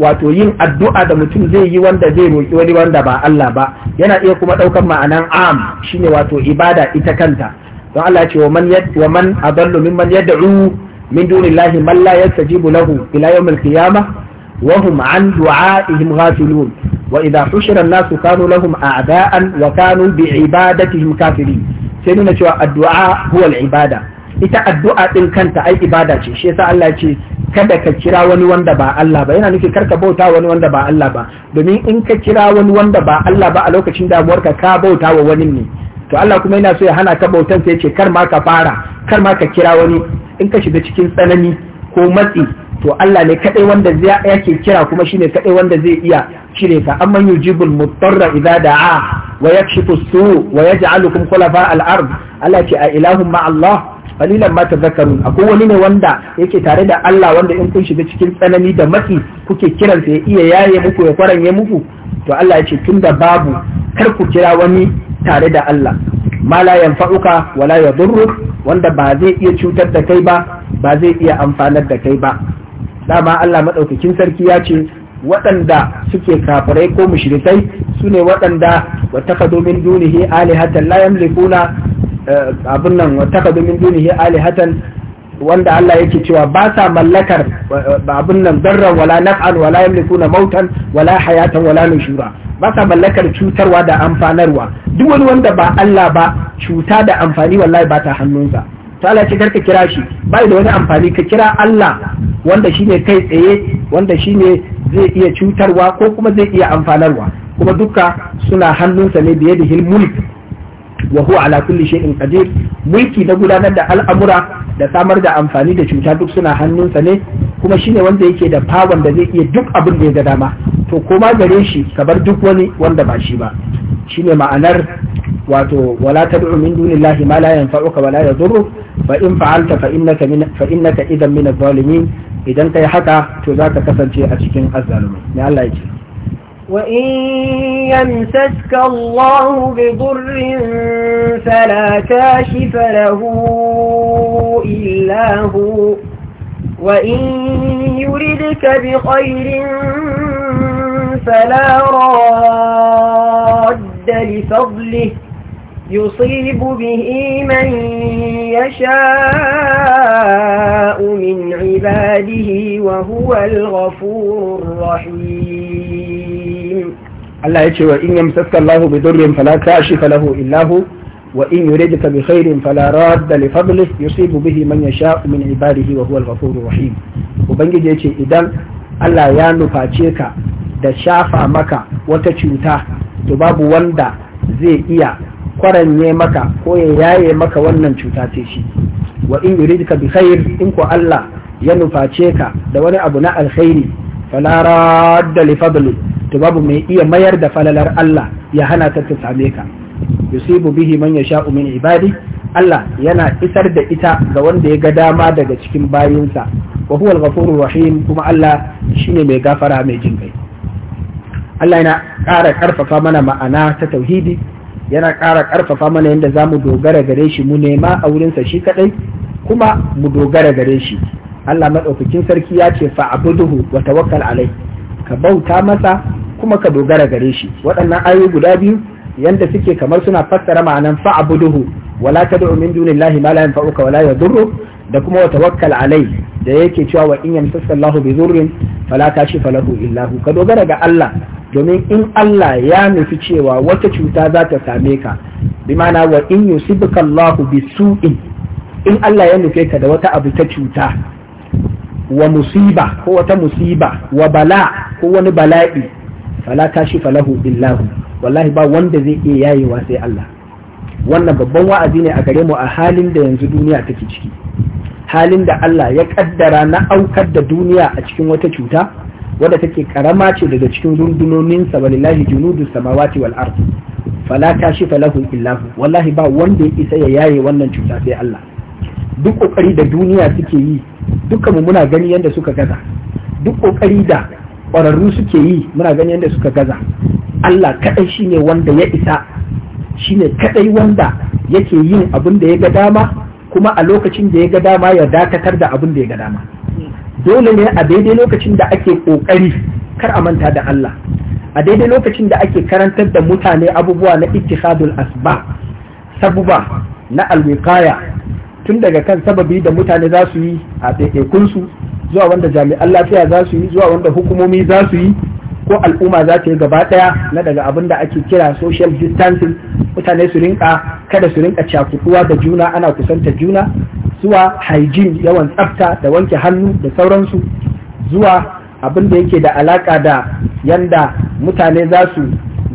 wato yin addu'a da mutum zai yi wanda zai roki wani wanda ba Allah ba yana iya kuma daukan ma'anar am shine wato ibada ita kanta don Allah ce wa man yad wa man adallu mimman yad'u min dunillahi man la yastajibu lahu ila yawmil qiyamah وهم عن دعائهم غافلون nasu حشر lahum ada'an wa kanu bi ibadatihim kafiri. sai nuna cewa addu'a huwal ibada ita addu'a din kanta ai ibada ce shi yasa Allah ce kada ka kira wani wanda ba Allah ba yana nufin karka bauta wani wanda ba Allah ba domin in ka kira wani wanda ba Allah ba a lokacin damuwarka ka bauta wa wani ne to Allah kuma yana so ya hana ka bautan sai ya ce kar ma ka fara kar ma ka kira wani in ka shiga cikin tsanani ko matsi to Allah ne kadai wanda zai yake kira kuma shine kadai wanda zai iya cire ka amma yujibul mutarra idza da'a wa yakshifu su wa yaj'alukum khulafa al-ard Allah ce a ilahum ma Allah qalilan ma tadhakkarun akwai wani ne wanda yake tare da Allah wanda in kun shiga cikin tsanani da matsi kuke kiran sa ya iya yaye muku ya faranye muku to Allah ya ce tunda babu kar ku kira wani tare da Allah ma la yanfa'uka wala yadurruk wanda ba zai iya cutar da kai ba ba zai iya amfanar da kai ba dama Allah maɗaukakin sarki ya ce waɗanda suke kafirai ko mushrikai su ne waɗanda wattakadu min dunihi alihatan la yamlikuna eh, abin nan wattakadu min dunihi alihatan wanda Allah yake cewa ba sa mallakar eh, abin nan darran wala naf'an wala yamlikuna mautan wala hayatan wala nushura ba sa mallakar cutarwa da amfanarwa duk wani wanda ba Allah ba cuta da amfani wallahi ba ta hannunsa to Allah ce karka kira shi bai da wani amfani ka kira Allah wanda shi ne kai tsaye wanda shi ne zai iya cutarwa ko kuma zai iya amfanarwa kuma duka suna hannunsa ne biye da mulk wa huwa ala kulli shay'in qadir mulki da gudanar da al'amura da samar da amfani da cuta duk suna hannunsa ne kuma shine wanda yake da power da zai iya duk abin da ya ga dama to koma gare shi ka bar duk wani wanda ba shi ba shine ma'anar wato wala tad'u min dunillahi ma la yanfa'uka wala yadurru fa in fa'alta fa innaka min fa innaka idan min adh-dhalimin idan kai haka to zaka kasance a cikin azzalumi ne Allah yake wa in yamsaska Allah bi dhurrin fala kashifa lahu illa hu وإن يردك بخير فلا راد لفضله يصيب به من يشاء من عباده وهو الغفور الرحيم الله يقول وإن يمسك الله بضر فلا كاشف له إلا هو وإن يريدك بخير فلا راد لفضله يصيب به من يشاء من عباده وهو الغفور الرحيم وبنجي يقول إذن الله يانو فاتيكا دا شافا مكا وتشوتا to babu زي إيا kwaranye maka ko ya yaye maka wannan cuta ce shi wa in yuridka bi khair in ko Allah ya nuface ka da wani abu na alkhairi fala radda li fadli to babu mai iya mayar da falalar Allah ya hana ta same ka yusibu bihi man yasha'u min ibadi Allah yana isar da ita ga wanda ya ga dama daga cikin bayinsa wa huwa al-ghafurur rahim kuma Allah shine mai gafara mai jin kai Allah yana ƙara ƙarfafa mana ma'ana ta tauhidi yana ƙara ƙarfafa mana yadda za mu dogara gare shi mu nema a wurinsa shi kaɗai kuma mu dogara gare shi Allah maɗaukakin sarki ya ce fa'abuduhu wa tawakkal alai ka bauta masa kuma ka dogara gare shi waɗannan ayoyi guda biyu yanda suke kamar suna fassara ma'anan fa'abuduhu wala tad'u min dunillahi ma la yanfa'uka wala yadurru da kuma wa tawakkal alai da yake cewa wa in yamsasallahu bi dhurrin fala kashifa lahu illa hu ka dogara ga Allah domin in Allah ya nufi cewa wata cuta za ta same ka bi mana wa in yusibka Allahu bi su'in in Allah ya nufe ka da wata abu ta cuta wa musiba ko wata musiba wa bala ko wani bala'i fala kashifa lahu wallahi ba wanda zai iya yayewa sai Allah wannan babban wa'azi ne a gare mu a halin da yanzu duniya take ciki halin da Allah ya ƙaddara na aukar da duniya a cikin wata cuta wadda take karama ce daga cikin rundunonin sa walillahi junudu samawati wal ard fala kashifa lahu illa hu wallahi ba wanda ya isa ya yaye wannan cuta sai Allah duk kokari da duniya suke yi dukkan mu muna gani yanda suka gaza duk kokari da ƙwararru suke yi muna gani yanda suka gaza Allah kadai shine wanda ya isa shine kadai wanda yake yin abin da ya ga dama kuma a lokacin da ya ga dama ya dakatar da abin da ya ga dama dole ne a daidai lokacin da ake kokari kar a manta da Allah a daidai lokacin da ake karantar da mutane abubuwa na ittisadul asba sabuba na alwiqaya tun daga kan sababi da mutane za su yi a ɗaiɗaikun su zuwa wanda jami'an lafiya za su yi zuwa wanda hukumomi za su yi ko al'umma za ta yi gaba ɗaya na daga abin da ake kira social distancing mutane su rinka kada su rinka cakuduwa da juna ana kusanta juna zuwa hygiene yawan tsafta da wanke hannu da sauransu zuwa abin da yake da alaka da yanda mutane za su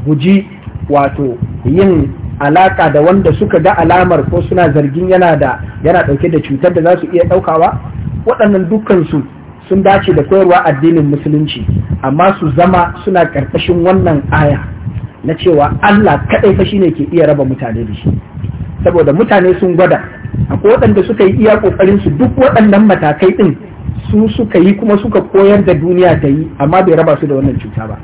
guji wato yin alaka da wanda suka ga alamar ko suna zargin yana da yana dauke da cutar da za su iya daukawa waɗannan dukkansu sun dace da koyarwa addinin musulunci amma su zama suna ƙarƙashin wannan aya na cewa Allah kaɗai fa shine ke iya raba mutane da shi saboda mutane sun gwada a waɗanda suka yi iya ƙoƙarin su duk waɗannan matakai ɗin su suka yi kuma suka koyar da duniya ta yi amma bai raba su da wannan cuta ba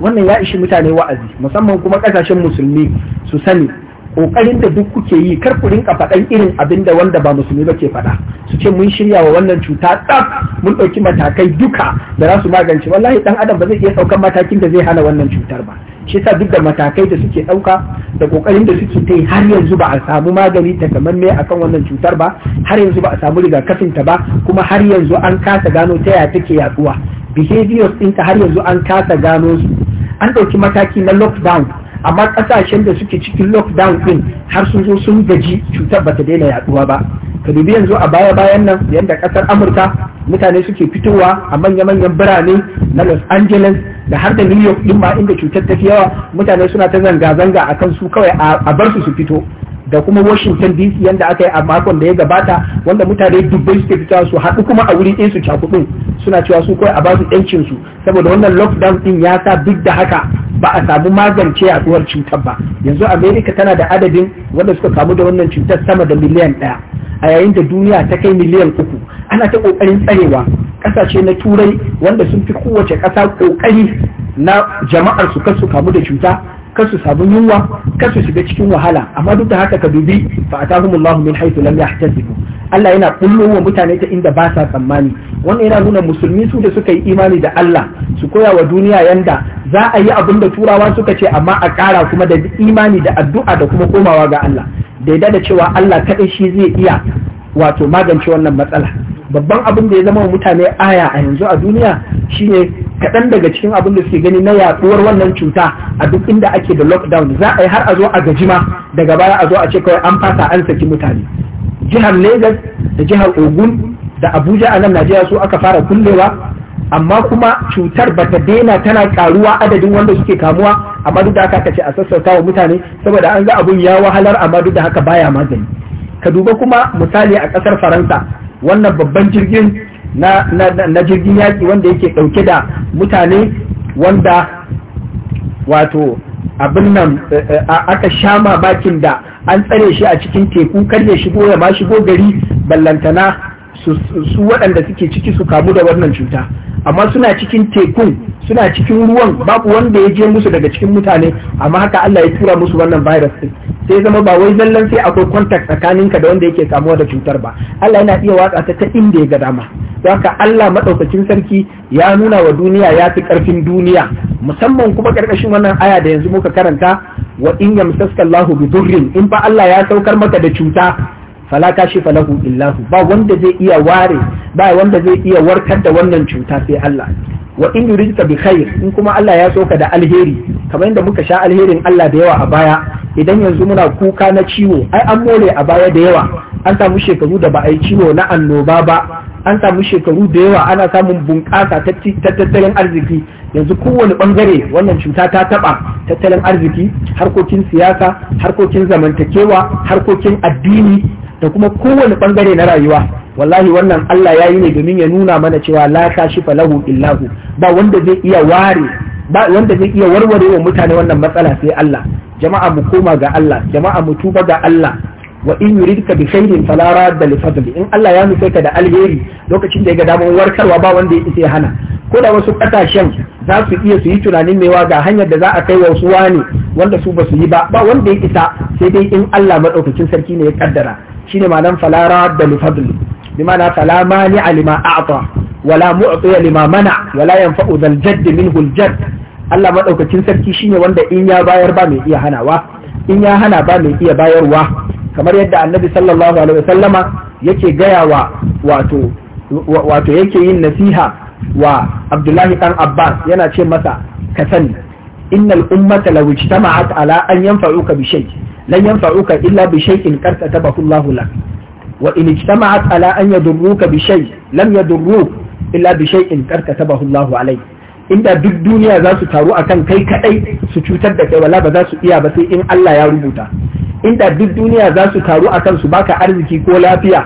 wannan ya ishi mutane wa'azi musamman kuma ƙasashen musulmi su sani ƙoƙarin da duk kuke yi kar ku rinka faɗan irin abin da wanda ba musulmi ba ke faɗa su ce mun shirya wa wannan cuta tsaf mun ɗauki matakai duka da za su magance wallahi ɗan adam ba zai iya ɗaukar matakin da zai hana wannan cutar ba shi sa duk da matakai da suke ɗauka da ƙoƙarin da suke ta yi har yanzu ba a samu magani ta takamamme akan wannan cutar ba har yanzu ba a samu rigakafin ta ba kuma har yanzu an kasa gano ta yaya take yaduwa behaviors ɗinta har yanzu an kasa gano su an ɗauki mataki na lockdown amma kasashen da suke cikin lockdown din har sun zo sun gaji cutar bata daina yaduwa ba ka dubi yanzu a baya bayan nan yadda kasar amurka mutane suke fitowa a manya-manyan birane na los angeles da har da new york din ma inda cutar tafi yawa mutane suna ta zanga-zanga akan su kawai a bar su su fito da kuma Washington DC yadda aka yi a makon da ya gabata wanda mutane dubbai suke fita su haɗu kuma a wuri ɗinsu cakuɗin suna cewa su kawai a ba su saboda wannan lockdown din ya sa duk da haka ba a samu magance yaduwar cutar ba yanzu America tana da adadin wanda suka kamu da wannan cutar sama da miliyan ɗaya a yayin da duniya ta kai miliyan uku ana ta ƙoƙarin tsarewa ƙasashe na turai wanda sun fi kowace ƙasa ƙoƙari na jama'ar su kasu kamu da cuta kar su samu yunwa kar su shiga cikin wahala amma duk da haka ka dubi fa atahumullahu min haythu lam yahtasibu Allah yana kullu wa mutane ta inda ba sa tsammani wannan yana nuna musulmi su da suka yi imani da Allah su koya wa duniya yanda za a yi abin da turawa suka ce amma a ƙara kuma da imani da addu'a da kuma komawa ga Allah da da cewa Allah kaɗai shi zai iya wato magance wannan matsala babban abin da ya zama mutane aya a yanzu a duniya shine kaɗan daga cikin abin da suke gani na yaɗuwar wannan cuta a duk inda ake da lockdown za a yi har a zo a gajima daga baya a zo a ce kawai an fasa an saki mutane jihar lagos da jihar ogun da abuja a nan najeriya su aka fara kullewa amma kuma cutar ba ta daina tana karuwa adadin wanda suke kamuwa amma duk da haka ka ce a sassauta wa mutane saboda an ga abun ya wahalar amma duk da haka baya magani ka duba kuma misali a ƙasar faransa wannan babban jirgin na, jirgin yaƙi wanda yake ɗauke da mutane wanda wato abin nan eh, eh, aka sha mamakin da an tsare shi a cikin teku kar ya shigo ya ma shigo gari ballantana su waɗanda suke ciki su kamu da wannan cuta amma suna cikin tekun suna cikin ruwan babu wanda ya je musu daga cikin mutane amma haka Allah ya tura musu wannan virus din sai zama ba wai zallan sai akwai contact tsakaninka da wanda yake kamuwa da cutar ba Allah yana iya watsa ta ta inda ya ga dama haka Allah madaukakin sarki ya nuna wa duniya ya fi karfin duniya musamman kuma karkashin wannan aya da yanzu muka karanta wa in yamsaskallahu Allahu in ba Allah ya saukar maka da cuta fala kashifa lahu illahu ba wanda zai iya ware ba wanda zai iya warkar da wannan cuta sai Allah wa in yuridka bi khair in kuma Allah ya soka da alheri kamar yadda muka sha alherin Allah da yawa a baya idan yanzu muna kuka na ciwo ai an more a baya da yawa an samu shekaru da ba a yi ciwo na annoba ba an samu shekaru da yawa ana samun bunƙasa ta tattalin arziki yanzu kowane bangare, wannan cuta ta taɓa tattalin arziki harkokin siyasa harkokin zamantakewa harkokin addini da kuma kowane bangare na rayuwa wallahi wannan Allah ya yi ne domin ya nuna mana cewa la kashifa lahu illahu ba wanda zai iya ware ba wanda zai iya warware wa mutane wannan matsala sai Allah jama'a mu koma ga Allah jama'a mu tuba ga Allah wa in yuridka bi khairin fala radda li fadli in Allah ya nufe ka da alheri lokacin da ya ga damar warkarwa ba wanda ya isa ya hana ko da wasu kasashen za su iya su yi tunanin mewa ga hanyar da za a kai wasu wani wanda su ba su yi ba ba wanda ya isa sai dai in Allah madaukakin sarki ne ya kaddara shine ma'anar fala radda li fadli bi ma'ana fala mani alima a'ta wala mu'tiya lima mana wala yanfa'u dhal jadd minhu al jadd Allah madaukakin sarki shine wanda in ya bayar ba mai iya hanawa in ya hana ba mai iya bayarwa kamar yadda annabi sallallahu alaihi wasallama yake gaya wa wato wato yake yin nasiha wa abdullahi dan abbas yana ce masa ka sani innal ummata law ijtama'at ala an yanfa'uka bi shay lan yanfa'uka illa bi shay'in qad katabahu Allahu lak wa in ijtama'at ala an yadurruka bi shay lam yadurruk illa bi shay'in qad katabahu Allahu alayk inda duk duniya za su taru akan kai kadai su cutar da kai wala ba za su iya ba sai in Allah ya rubuta inda duk duniya za su taru a kansu baka arziki ko lafiya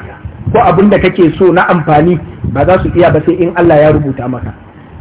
ko abin da kake so na amfani ba za su iya ba sai in Allah ya rubuta maka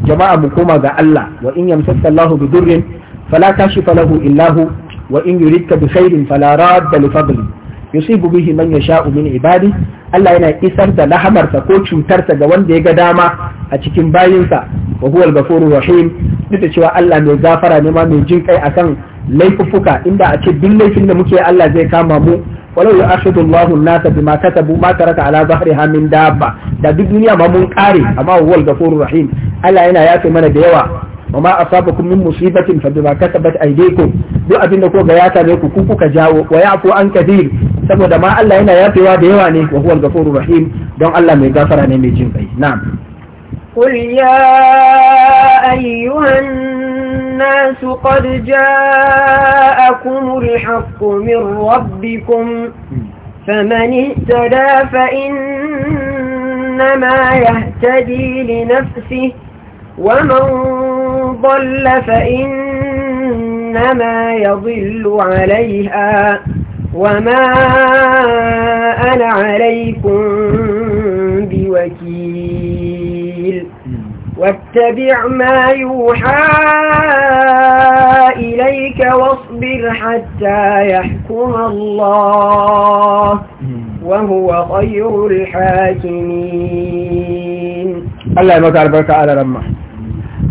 jama'a mu koma ga Allah wa in yamsaka Allahu bi durrin fala kashifa lahu illa hu wa in yuridka bi khairin fala radda li fadli yusibu bihi man yasha'u min ibadi Allah yana isar da lahamarsa ko cutarsa ga wanda ya ga dama a cikin bayinsa wa huwal ghafurur rahim duk cewa Allah mai gafara ne ma mai jin kai akan laifuffuka inda a ce duk laifin da muke Allah zai kama mu walau ya ashidu Allahu nasa bima katabu ma taraka ala ha min dabba da duk duniya ma mun kare amma huwal ghafurur rahim Allah yana yafe mana da yawa wa ma asabakum min musibatin fa bima kasabat aydikum duk abin da ko ga ya tare ku ku kuka jawo wa yafu an kadir saboda ma Allah yana yafewa da yawa ne wa huwal ghafurur rahim don Allah mai gafara ne mai jin kai na'am قل يا أيها الناس قد جاءكم الحق من ربكم فمن اهتدى فإنما يهتدي لنفسه ومن ضل فإنما يضل عليها وما أنا عليكم بوكيل واتبع ما يوحى إليك واصبر حتى يحكم الله وهو خير الحاكمين الله يمتع البركة على رمح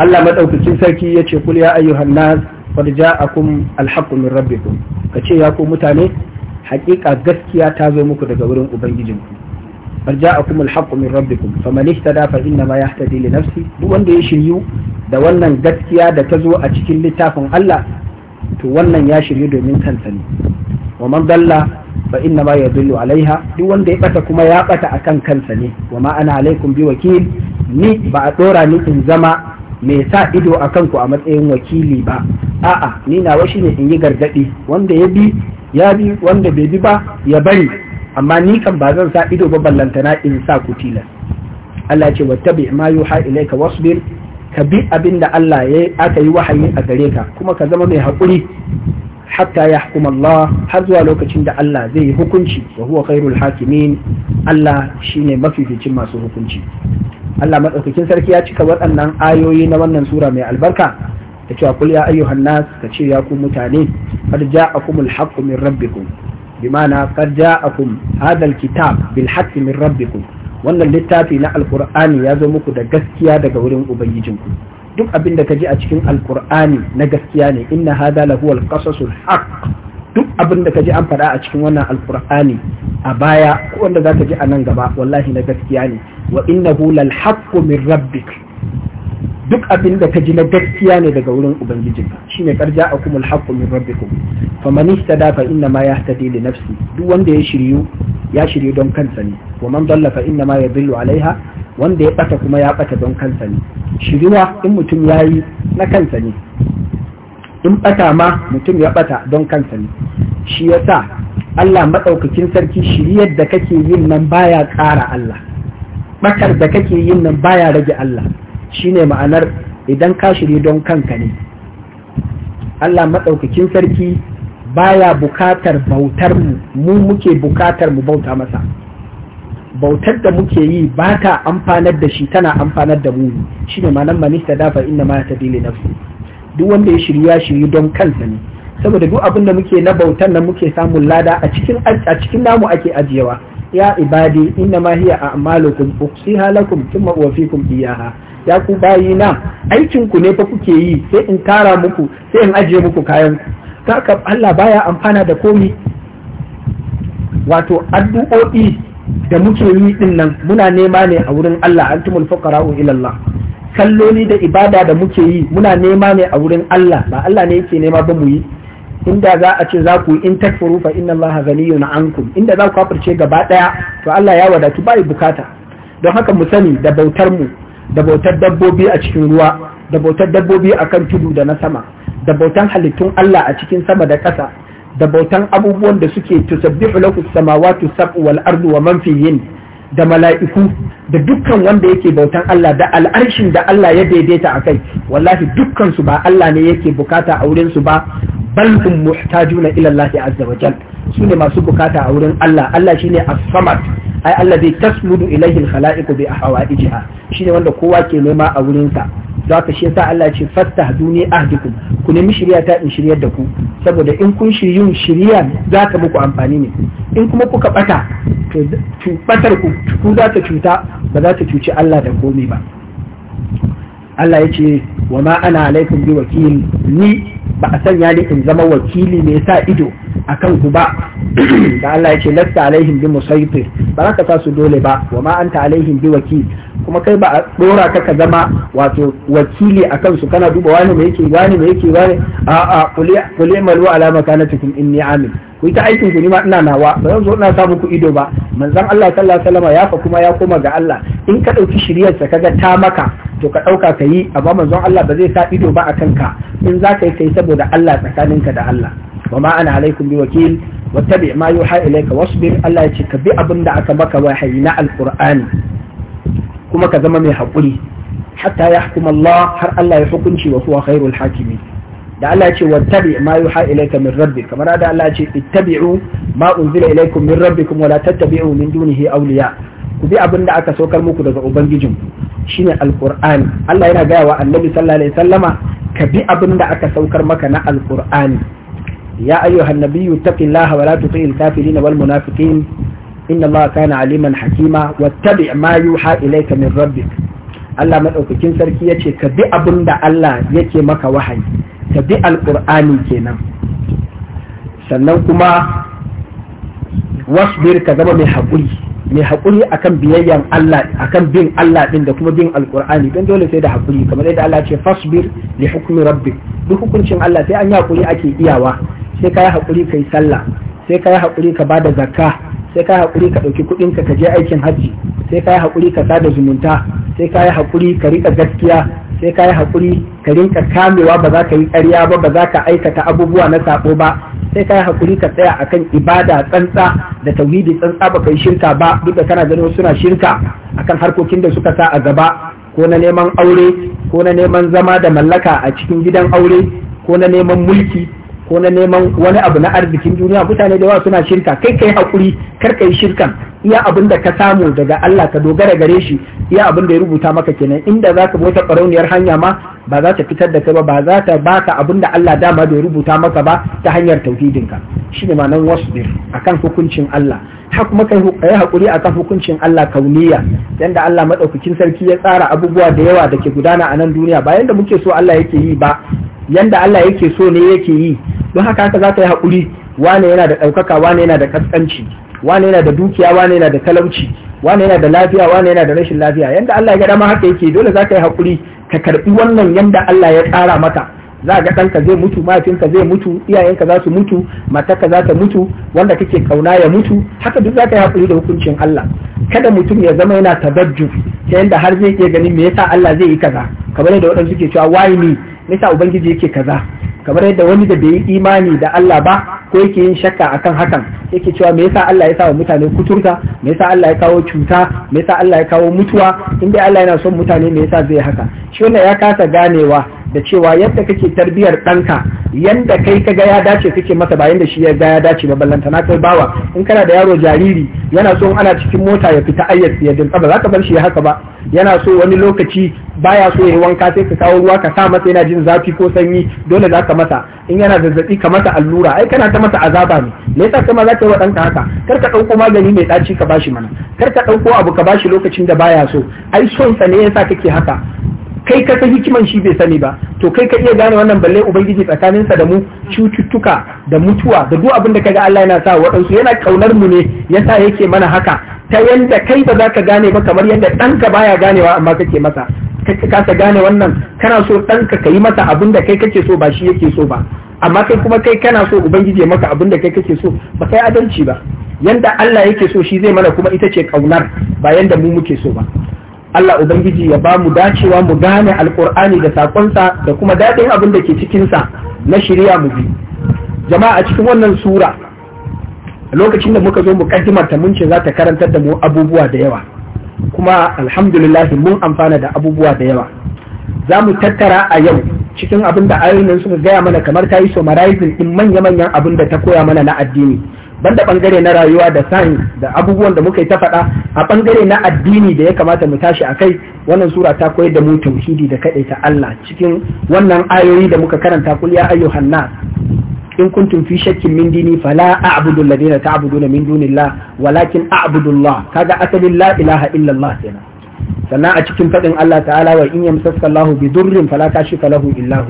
الله مدعوك السلسكي يقول يا أيها الناس قد جاءكم الحق من ربكم كتشي يقول متاني حقيقة قسكية تازو مكتك ورم أبنجي جنكم bal ja'akum al-haqq min rabbikum faman ihtada fa inna ma yahtadi li nafsi duk wanda ya shiryu da wannan gaskiya da ta zo a cikin littafin Allah to wannan ya shiryu domin kansa ne wa man dalla fa inna ma yadullu alaiha duk wanda ya bata kuma ya bata akan kansa ne wa ma ana alaikum bi wakil ni ba a dora ni in zama mai sa ido a kanku a matsayin wakili ba a'a ni na washi ne in yi gargadi wanda ya bi ya bi wanda bai bi ba ya bari amma ni kan ba zan sa ido ba ballantana in sa ku Allah ce wattabi ma ha ilaika wasbir ka bi abinda Allah ya aka yi wahayi a gare ka kuma ka zama mai hakuri hatta ya hukuma Allah har zuwa lokacin da Allah zai yi hukunci wa huwa khairul hakimin Allah shine mafificin masu hukunci Allah madaukakin sarki ya cika waɗannan ayoyi na wannan sura mai albarka da cewa kul ya ayyuhan nas ka ce ya ku mutane qad ja'akumul haqqu min rabbikum bimana qad ja'akum hadal kitab bil haqqi min rabbikum wannan littafi na alqur'ani ya zo muku da gaskiya daga wurin ubangijinku duk abin da ka ji a cikin alqur'ani na gaskiya ne inna hadha lahu alqasasul haqq duk abin da ka ji an faɗa a cikin wannan alqur'ani a baya ko wanda zaka ji a nan gaba wallahi na gaskiya ne wa innahu lal haqqu min rabbik duk abin da ka ji na gaskiya ne daga wurin ubangijin shine karja akumul haqqu min rabbikum faman ihtada fa inna ma yahtadi li nafsi duk wanda ya shiryu ya shiryu don kansa ne wa man dalla fa inna ma yadillu alaiha wanda ya bata kuma ya bata don kansa ne shiryuwa in mutum yayi na kansa ne in bata ma mutum ya bata don kansa ne shi yasa Allah madaukakin sarki shiryar da kake yin nan baya ƙara Allah bakar da kake yin nan baya rage Allah shine ma'anar idan ka shiri don kanka ne Allah maɗaukakin sarki baya bukatar bautar mu mu muke bukatar mu bauta masa bautar da muke yi ba ta amfanar da shi tana amfanar da mu shi ne ma'anar manista dafa inna ma ta dile su duk wanda ya shirya shiri don kansa ne saboda duk abin da muke na bautar nan muke samun lada a cikin namu ake ajiyewa ya ibadi inna ma hiya a'malukum uqsiha lakum thumma uwaffikum iyaha ya ku bayina aikin ku ne fa kuke yi sai in tara muku sai in ajiye muku kayan ku haka Allah baya amfana da komi wato addu'o'i da muke yi din nan muna nema ne a wurin Allah antumul fuqara'u ila Allah kalloli da ibada da muke yi muna nema ne a wurin Allah ba Allah ne yake nema ba mu yi inda za a ce za ku in takfuru fa inna Allah ghaniyun ankum inda za ku kafirce gaba daya to Allah ya wadatu bai bukata don haka mu sani da bautar mu da bautar dabbobi a cikin ruwa da bautar dabbobi akan tudu da na sama da bautan halittun Allah a cikin sama da ƙasa da bautan abubuwan da suke tusabbihu lakum samawati sab'u wal ardu wa man fihin da mala'iku da dukkan wanda yake bautan Allah da al'arshin da Allah ya daidaita a kai wallahi dukkansu ba Allah ne yake bukata a wurinsu ba bal hum muhtajuna ila Allah azza wa su ne masu bukata a wurin Allah Allah shine as-samad ai allazi tasludu ilayhi al-khalaiqu bi ahwaijiha shine wanda kowa ke nema a wurin sa ka shi Allah ce ce fastahduni ahdikum ku nemi shiriya ta in shiryar da ku saboda in kun shiryun shiriya za ta muku amfani ne in kuma kuka bata to batar ku ku za ta cuta ba za ta cuci Allah da komai ba Allah ya ce wa ma ana alaikum bi wakil ni ba a sanya ni in zama wakili mai sa ido a ku ba da Allah ya ce lasta alaihim bi musaitir ba za ka sa su dole ba wa ma anta alaihim bi wakil kuma kai ba a dora ka ka zama wato wakili a su kana duba wani me yake wani me yake wani a a kulli kulli malu ala makanatikum inni Amin. ku yi ta aikin ku ni ma ina nawa ba zan zo ina sa muku ido ba manzon Allah sallallahu alaihi wasallam ya fa kuma ya koma ga Allah in ka dauki ka kaga ta maka to ka dauka ka yi amma manzon Allah ba zai sa ido ba akan ka in za ka yi kai saboda Allah tsakaninka da Allah wa ma ana alaikum bi wakil wattabi ma yuha ilayka wasbir Allah ya ce ka bi abin da aka maka wahayi na alqur'ani kuma ka zama mai haƙuri hatta yahkum Allah har Allah ya hukunci wa huwa khairul hakimin da Allah ce wattabi ma yuha ilayka min rabbi kamar da Allah ce ittabi'u ma unzila ilaykum min rabbikum wala tattabi'u min dunihi awliya ku bi abinda aka saukar muku daga ubangijin shine alqur'ani Allah yana gaya wa annabi sallallahu alaihi wasallama ka bi abinda aka saukar maka na alqur'ani ya ayyuhan nabiyyu taqillaha wala tuti'il kafirin wal munafiqin inna Allah kana aliman hakima wattabi ma yuha ilayka min Allah madaukakin sarki ce ka bi abin da Allah yake maka wahayi ka bi alƙur'ani kenan sannan kuma wasbir ka zama mai haƙuri mai haƙuri akan biyayyan Allah akan bin Allah ɗin da kuma bin alƙur'ani don dole sai da haƙuri kamar yadda Allah ce fasbir li hukmi Rabbi. duk hukuncin Allah sai an yi haƙuri ake iyawa sai ka yi haƙuri kai sallah sai ka yi haƙuri ka bada zakka sai ka yi haƙuri ka ɗauki kuɗin ka je aikin hajji sai ka yi haƙuri ka sada zumunta sai ka yi haƙuri ka riƙa gaskiya sai ka yi haƙuri ka rinka kamewa ba za ka yi ƙarya ba ba za ka aikata abubuwa na sabo ba sai ka yi hakuri ka tsaya akan ibada tsantsa da tauhidi tsantsa ba kai shirka ba duk da kana ganin suna shirka akan harkokin da suka sa a gaba ko na neman aure ko na neman zama da mallaka a cikin gidan aure ko na neman mulki ko na neman wani abu na arzikin duniya mutane da yawa suna shirka kai kai hakuri kar ka yi shirka iya abin da ka samu daga Allah ka dogara gare shi iya abin da ya rubuta maka kenan inda zaka bi wata barauniyar hanya ma ba za ta fitar da kai ba ba za ta baka abin da Allah dama bai rubuta maka ba ta hanyar tauhidinka shine ma'anar wasbir akan hukuncin Allah Ta kuma kai yi hakuri akan hukuncin Allah kauniya yanda Allah madaukakin sarki ya tsara abubuwa da yawa da ke gudana a nan duniya ba yanda muke so Allah yake yi ba yanda Allah yake so ne yake yi don haka haka za ta yi hakuri wane yana da ɗaukaka wane yana da kaskanci wane yana da dukiya wane yana da talauci wane yana da lafiya wane yana da rashin lafiya yanda Allah ya ga dama haka yake dole za ka yi hakuri ka karɓi wannan yanda Allah ya tsara maka za ga ɗanka zai mutu mahaifinka zai mutu iyayenka za su mutu matarka za ta mutu wanda kake kauna ya mutu haka duk za ka yi haƙuri da hukuncin Allah kada mutum ya zama yana tabajju ta yanda har zai iya ganin me yasa Allah zai yi kaza kamar yadda waɗansu ke cewa why ne me yasa ubangiji yake kaza kamar yadda wani da bai yi imani da Allah ba ko yake yin shakka akan hakan yake cewa me yasa Allah ya sa wa mutane kuturta me yasa Allah ya kawo cuta me yasa Allah ya kawo mutuwa in dai Allah yana son mutane me yasa zai haka shi wannan ya kasa ganewa da cewa yadda kake tarbiyar ɗanka yadda kai ka ga ya dace kake masa bayan da shi ya gaya ya dace ba ballanta na kai bawa in kana da yaro jariri yana so ana cikin mota ya fita ayyar ya dinka ba za ka bar shi haka ba yana so wani lokaci baya so yi wanka sai ka kawo ruwa ka sa masa yana jin zafi ko sanyi dole za ka masa in yana zazzabi ka masa allura ai kana ta masa azaba ne me yasa kama za ka yi wa ɗanka haka kar ka ɗauko magani mai ɗaci ka bashi mana kar ka ɗauko abu ka bashi lokacin da baya so ai son sa ne yasa kake haka kai ka san hikiman shi bai sani ba to kai ka iya gane wannan balle ubangiji tsakaninsa da mu cututtuka da mutuwa da duk abin da kaga Allah yana sa waɗansu yana kaunar mu ne yasa yake mana haka ta yanda kai ba za ka gane ba kamar yanda ɗanka baya ganewa amma kake masa ka gane wannan kana so ɗanka ka yi masa abin da kai kake so ba shi yake so ba amma kai kuma kai kana so ubangiji ya maka abin da kai kake so ba kai adalci ba yanda Allah yake so shi zai mana kuma ita ce kaunar ba yanda mu muke so ba Allah Ubangiji ya ba mu dacewa mu gane alkur'ani da sakonsa da kuma daɗin abin da ke cikinsa na shirya mu bi. Jama'a a cikin wannan sura lokacin da muka zo mu ta mun ce za ta karantar da mu abubuwa da yawa kuma alhamdulillah mun amfana da abubuwa da yawa. Za mu tattara a yau cikin abin da ayoyin suka gaya mana kamar ta yi summarizing in manya-manyan abin da ta koya mana na addini. banda bangare na rayuwa da science da abubuwan da muka yi ta faɗa a bangare na addini da ya kamata mu tashi a kai wannan sura ta koyar da mu tauhidi da ta Allah cikin wannan ayoyi da muka karanta kul ya ayyuhan nas in kuntum fi shakkin min dini fala a'budu alladhina ta'buduna min dunillah walakin a'budu Allah kaga asalin la ilaha illa Allah kenan sannan a cikin faɗin Allah ta'ala wa in yamsaka Allahu bi durrin fala kashifa lahu illa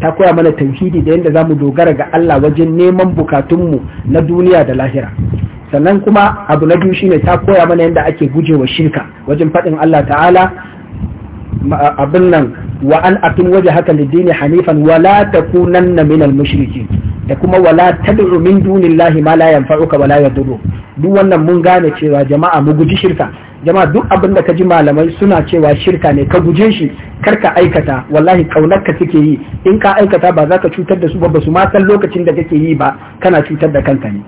ta koya mana tauhidi da yanda zamu dogara ga Allah wajen neman bukatun mu na duniya da lahira sannan kuma abu na biyu shine ta koya mana yanda ake gujewa shirka wajen faɗin Allah ta'ala abin nan wa an abin waje haka lidini hanifan wala takunanna al mushrikin da kuma wala tad'u min dunillahi ma la yanfa'uka wala yadurru duk wannan mun gane cewa jama'a mu guji shirka jama'a duk abin da ka ji malamai suna cewa shirka ne ka guje shi kar ka aikata wallahi kaunar ka take yi in ka aikata ba za ka cutar da su ba su ma san lokacin da kake yi ba kana cutar da kanka ne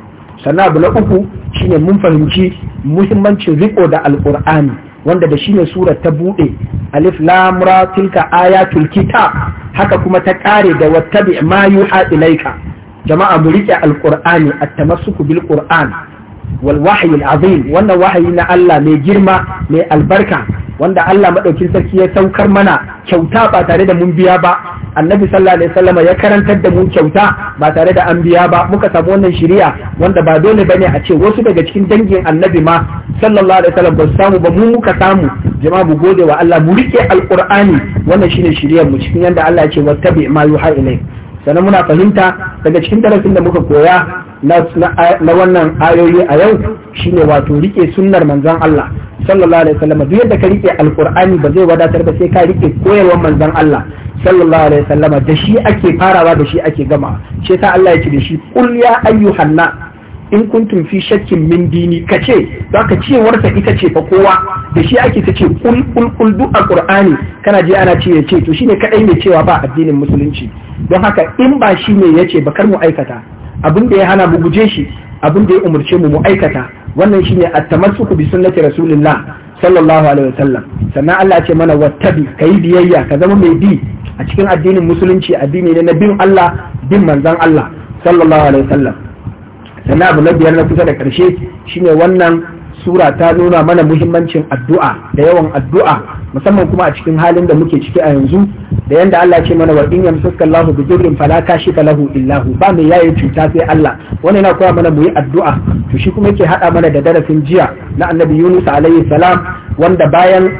sannan abu na uku shine mun fahimci muhimmancin riko da alqur'ani wanda da shine surar ta bude alif lam ra tilka ayatul kitab haka kuma ta kare da wattabi ma yuha ilaika jama'a mu riƙe alqur'ani at-tamassuku bil qur'an wal wahyi azim wannan wahayi na Allah mai girma mai albarka wanda Allah madaukin sarki ya saukar mana kyauta ba tare da mun biya ba annabi sallallahu ya karantar da mu kyauta ba tare da an biya ba muka samu wannan shiriya wanda ba dole ne a ce wasu daga cikin dangin annabi ma sallallahu ba samu ba mu muka samu jama'a mu gode wa Allah mu rike Alƙur'ani wannan shine shiriyar mu cikin yadda Allah ya ce wattabi ma yuha ilai sannan muna fahimta daga cikin darasin da muka koya na wannan ayoyi a yau shine wato rike sunnar manzon Allah sallallahu alaihi wasallam duk yadda ka rike alqur'ani ba zai wadatar ba sai ka rike koyarwar manzon Allah sallallahu alaihi wasallam da shi ake farawa da shi ake gama shi yasa Allah ya ce da shi qul ya ayyuhan in kuntum fi shakkin min dini ka ce za cewarsa ita ce fa kowa da shi ake ta ce kul kul kul duk alqur'ani kana je ana ce ce to shine kadai mai cewa ba addinin musulunci don haka in ba shi ne ba bakar mu aikata abin da ya hana mu guje shi abin da ya umarce mu mu aikata wannan shine at-tamassuku bi sunnati rasulillah sallallahu alaihi wasallam sannan Allah ce mana wattabi kai biyayya ka zama mai bi a cikin addinin musulunci addini ne na bin Allah bin manzon Allah sallallahu alaihi wasallam sannan abu na biyar na kusa da karshe shine wannan sura ta nuna mana muhimmancin addu'a da yawan addu'a musamman kuma a cikin halin da muke ciki a yanzu da yanda Allah ce mana wa in yamsaka Allahu bi dhurrin fala kashifa lahu illa ba mai yayi cuta sai Allah wannan yana koya mana mu yi addu'a to shi kuma yake hada mana da darasin jiya na Annabi Yunus alaihi salam wanda bayan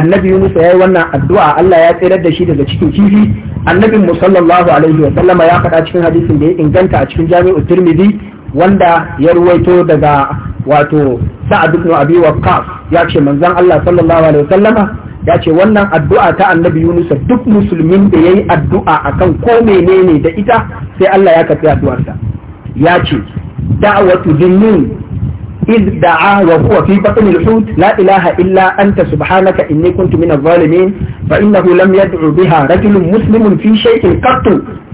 Annabi Yunus yayi wannan addu'a Allah ya tsirar da shi daga cikin kifi Annabinmu sallallahu alaihi wa sallama ya faɗa cikin hadisin da ya inganta a cikin jami'u Tirmidhi wanda ya ruwaito daga wato sa'ad ibn abi waqqas ya ce manzon Allah sallallahu alaihi wasallama ya ce wannan addu'a ta annabi Yunus duk musulmin da yayi addu'a akan ko menene da ita sai Allah ya kafi addu'arsa ya ce da'watu dinnin إذ دعا وهو في بطن الحوت لا إله إلا أنت سبحانك إني كنت من الظالمين فإنه لم يدعو بها رجل مسلم في شيء قط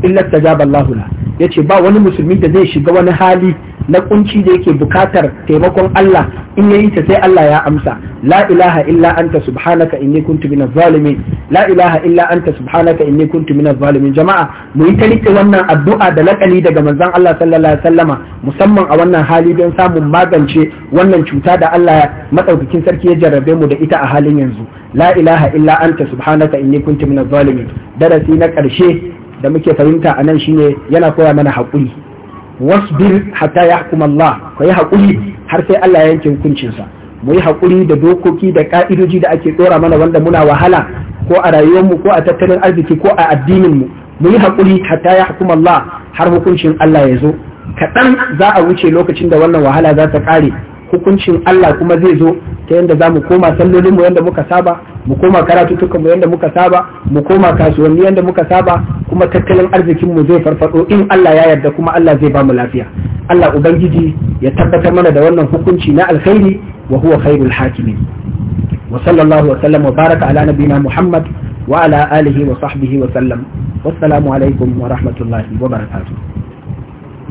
إلا استجاب الله له ya ce ba wani musulmi da zai shiga wani hali na kunci da yake bukatar taimakon Allah in ya yi ta sai Allah ya amsa la ilaha illa anta subhanaka inni kuntu minaz zalimin la ilaha illa anta subhanaka inni kuntu minaz zalimin jama'a mu yi ta rike wannan addu'a da lakali daga manzon Allah sallallahu alaihi wasallama musamman a wannan hali don samun magance wannan cuta da Allah madaukakin sarki ya jarrabe mu da ita a halin yanzu la ilaha illa anta subhanaka inni kuntu minaz zalimin darasi na karshe da muke fahimta a nan shine yana koya mana haƙuri wasbir hatta yahkum Allah ka yi haƙuri har sai Allah ya yanke hukuncinsa mu yi haƙuri da dokoki da ƙa'idoji da ake ɗora mana wanda muna wahala ko a rayuwarmu ko a tattalin arziki ko a addininmu mu yi haƙuri hatta ya Allah har hukuncin Allah ya zo kaɗan za a wuce lokacin da wannan wahala za ta ƙare hukuncin Allah kuma zai zo ta yadda za mu koma sallolin mu yadda muka saba mu koma karatutukan mu yadda muka saba mu koma kasuwanni yadda muka saba kuma tattalin arzikin mu zai farfado in Allah ya yarda kuma Allah zai ba mu lafiya Allah ubangiji ya tabbatar mana da wannan hukunci na alkhairi wa huwa khairul hakimin wa sallallahu wa sallam wa baraka ala nabina Muhammad wa ala alihi wa sahbihi wa sallam wassalamu alaikum wa rahmatullahi wa barakatuh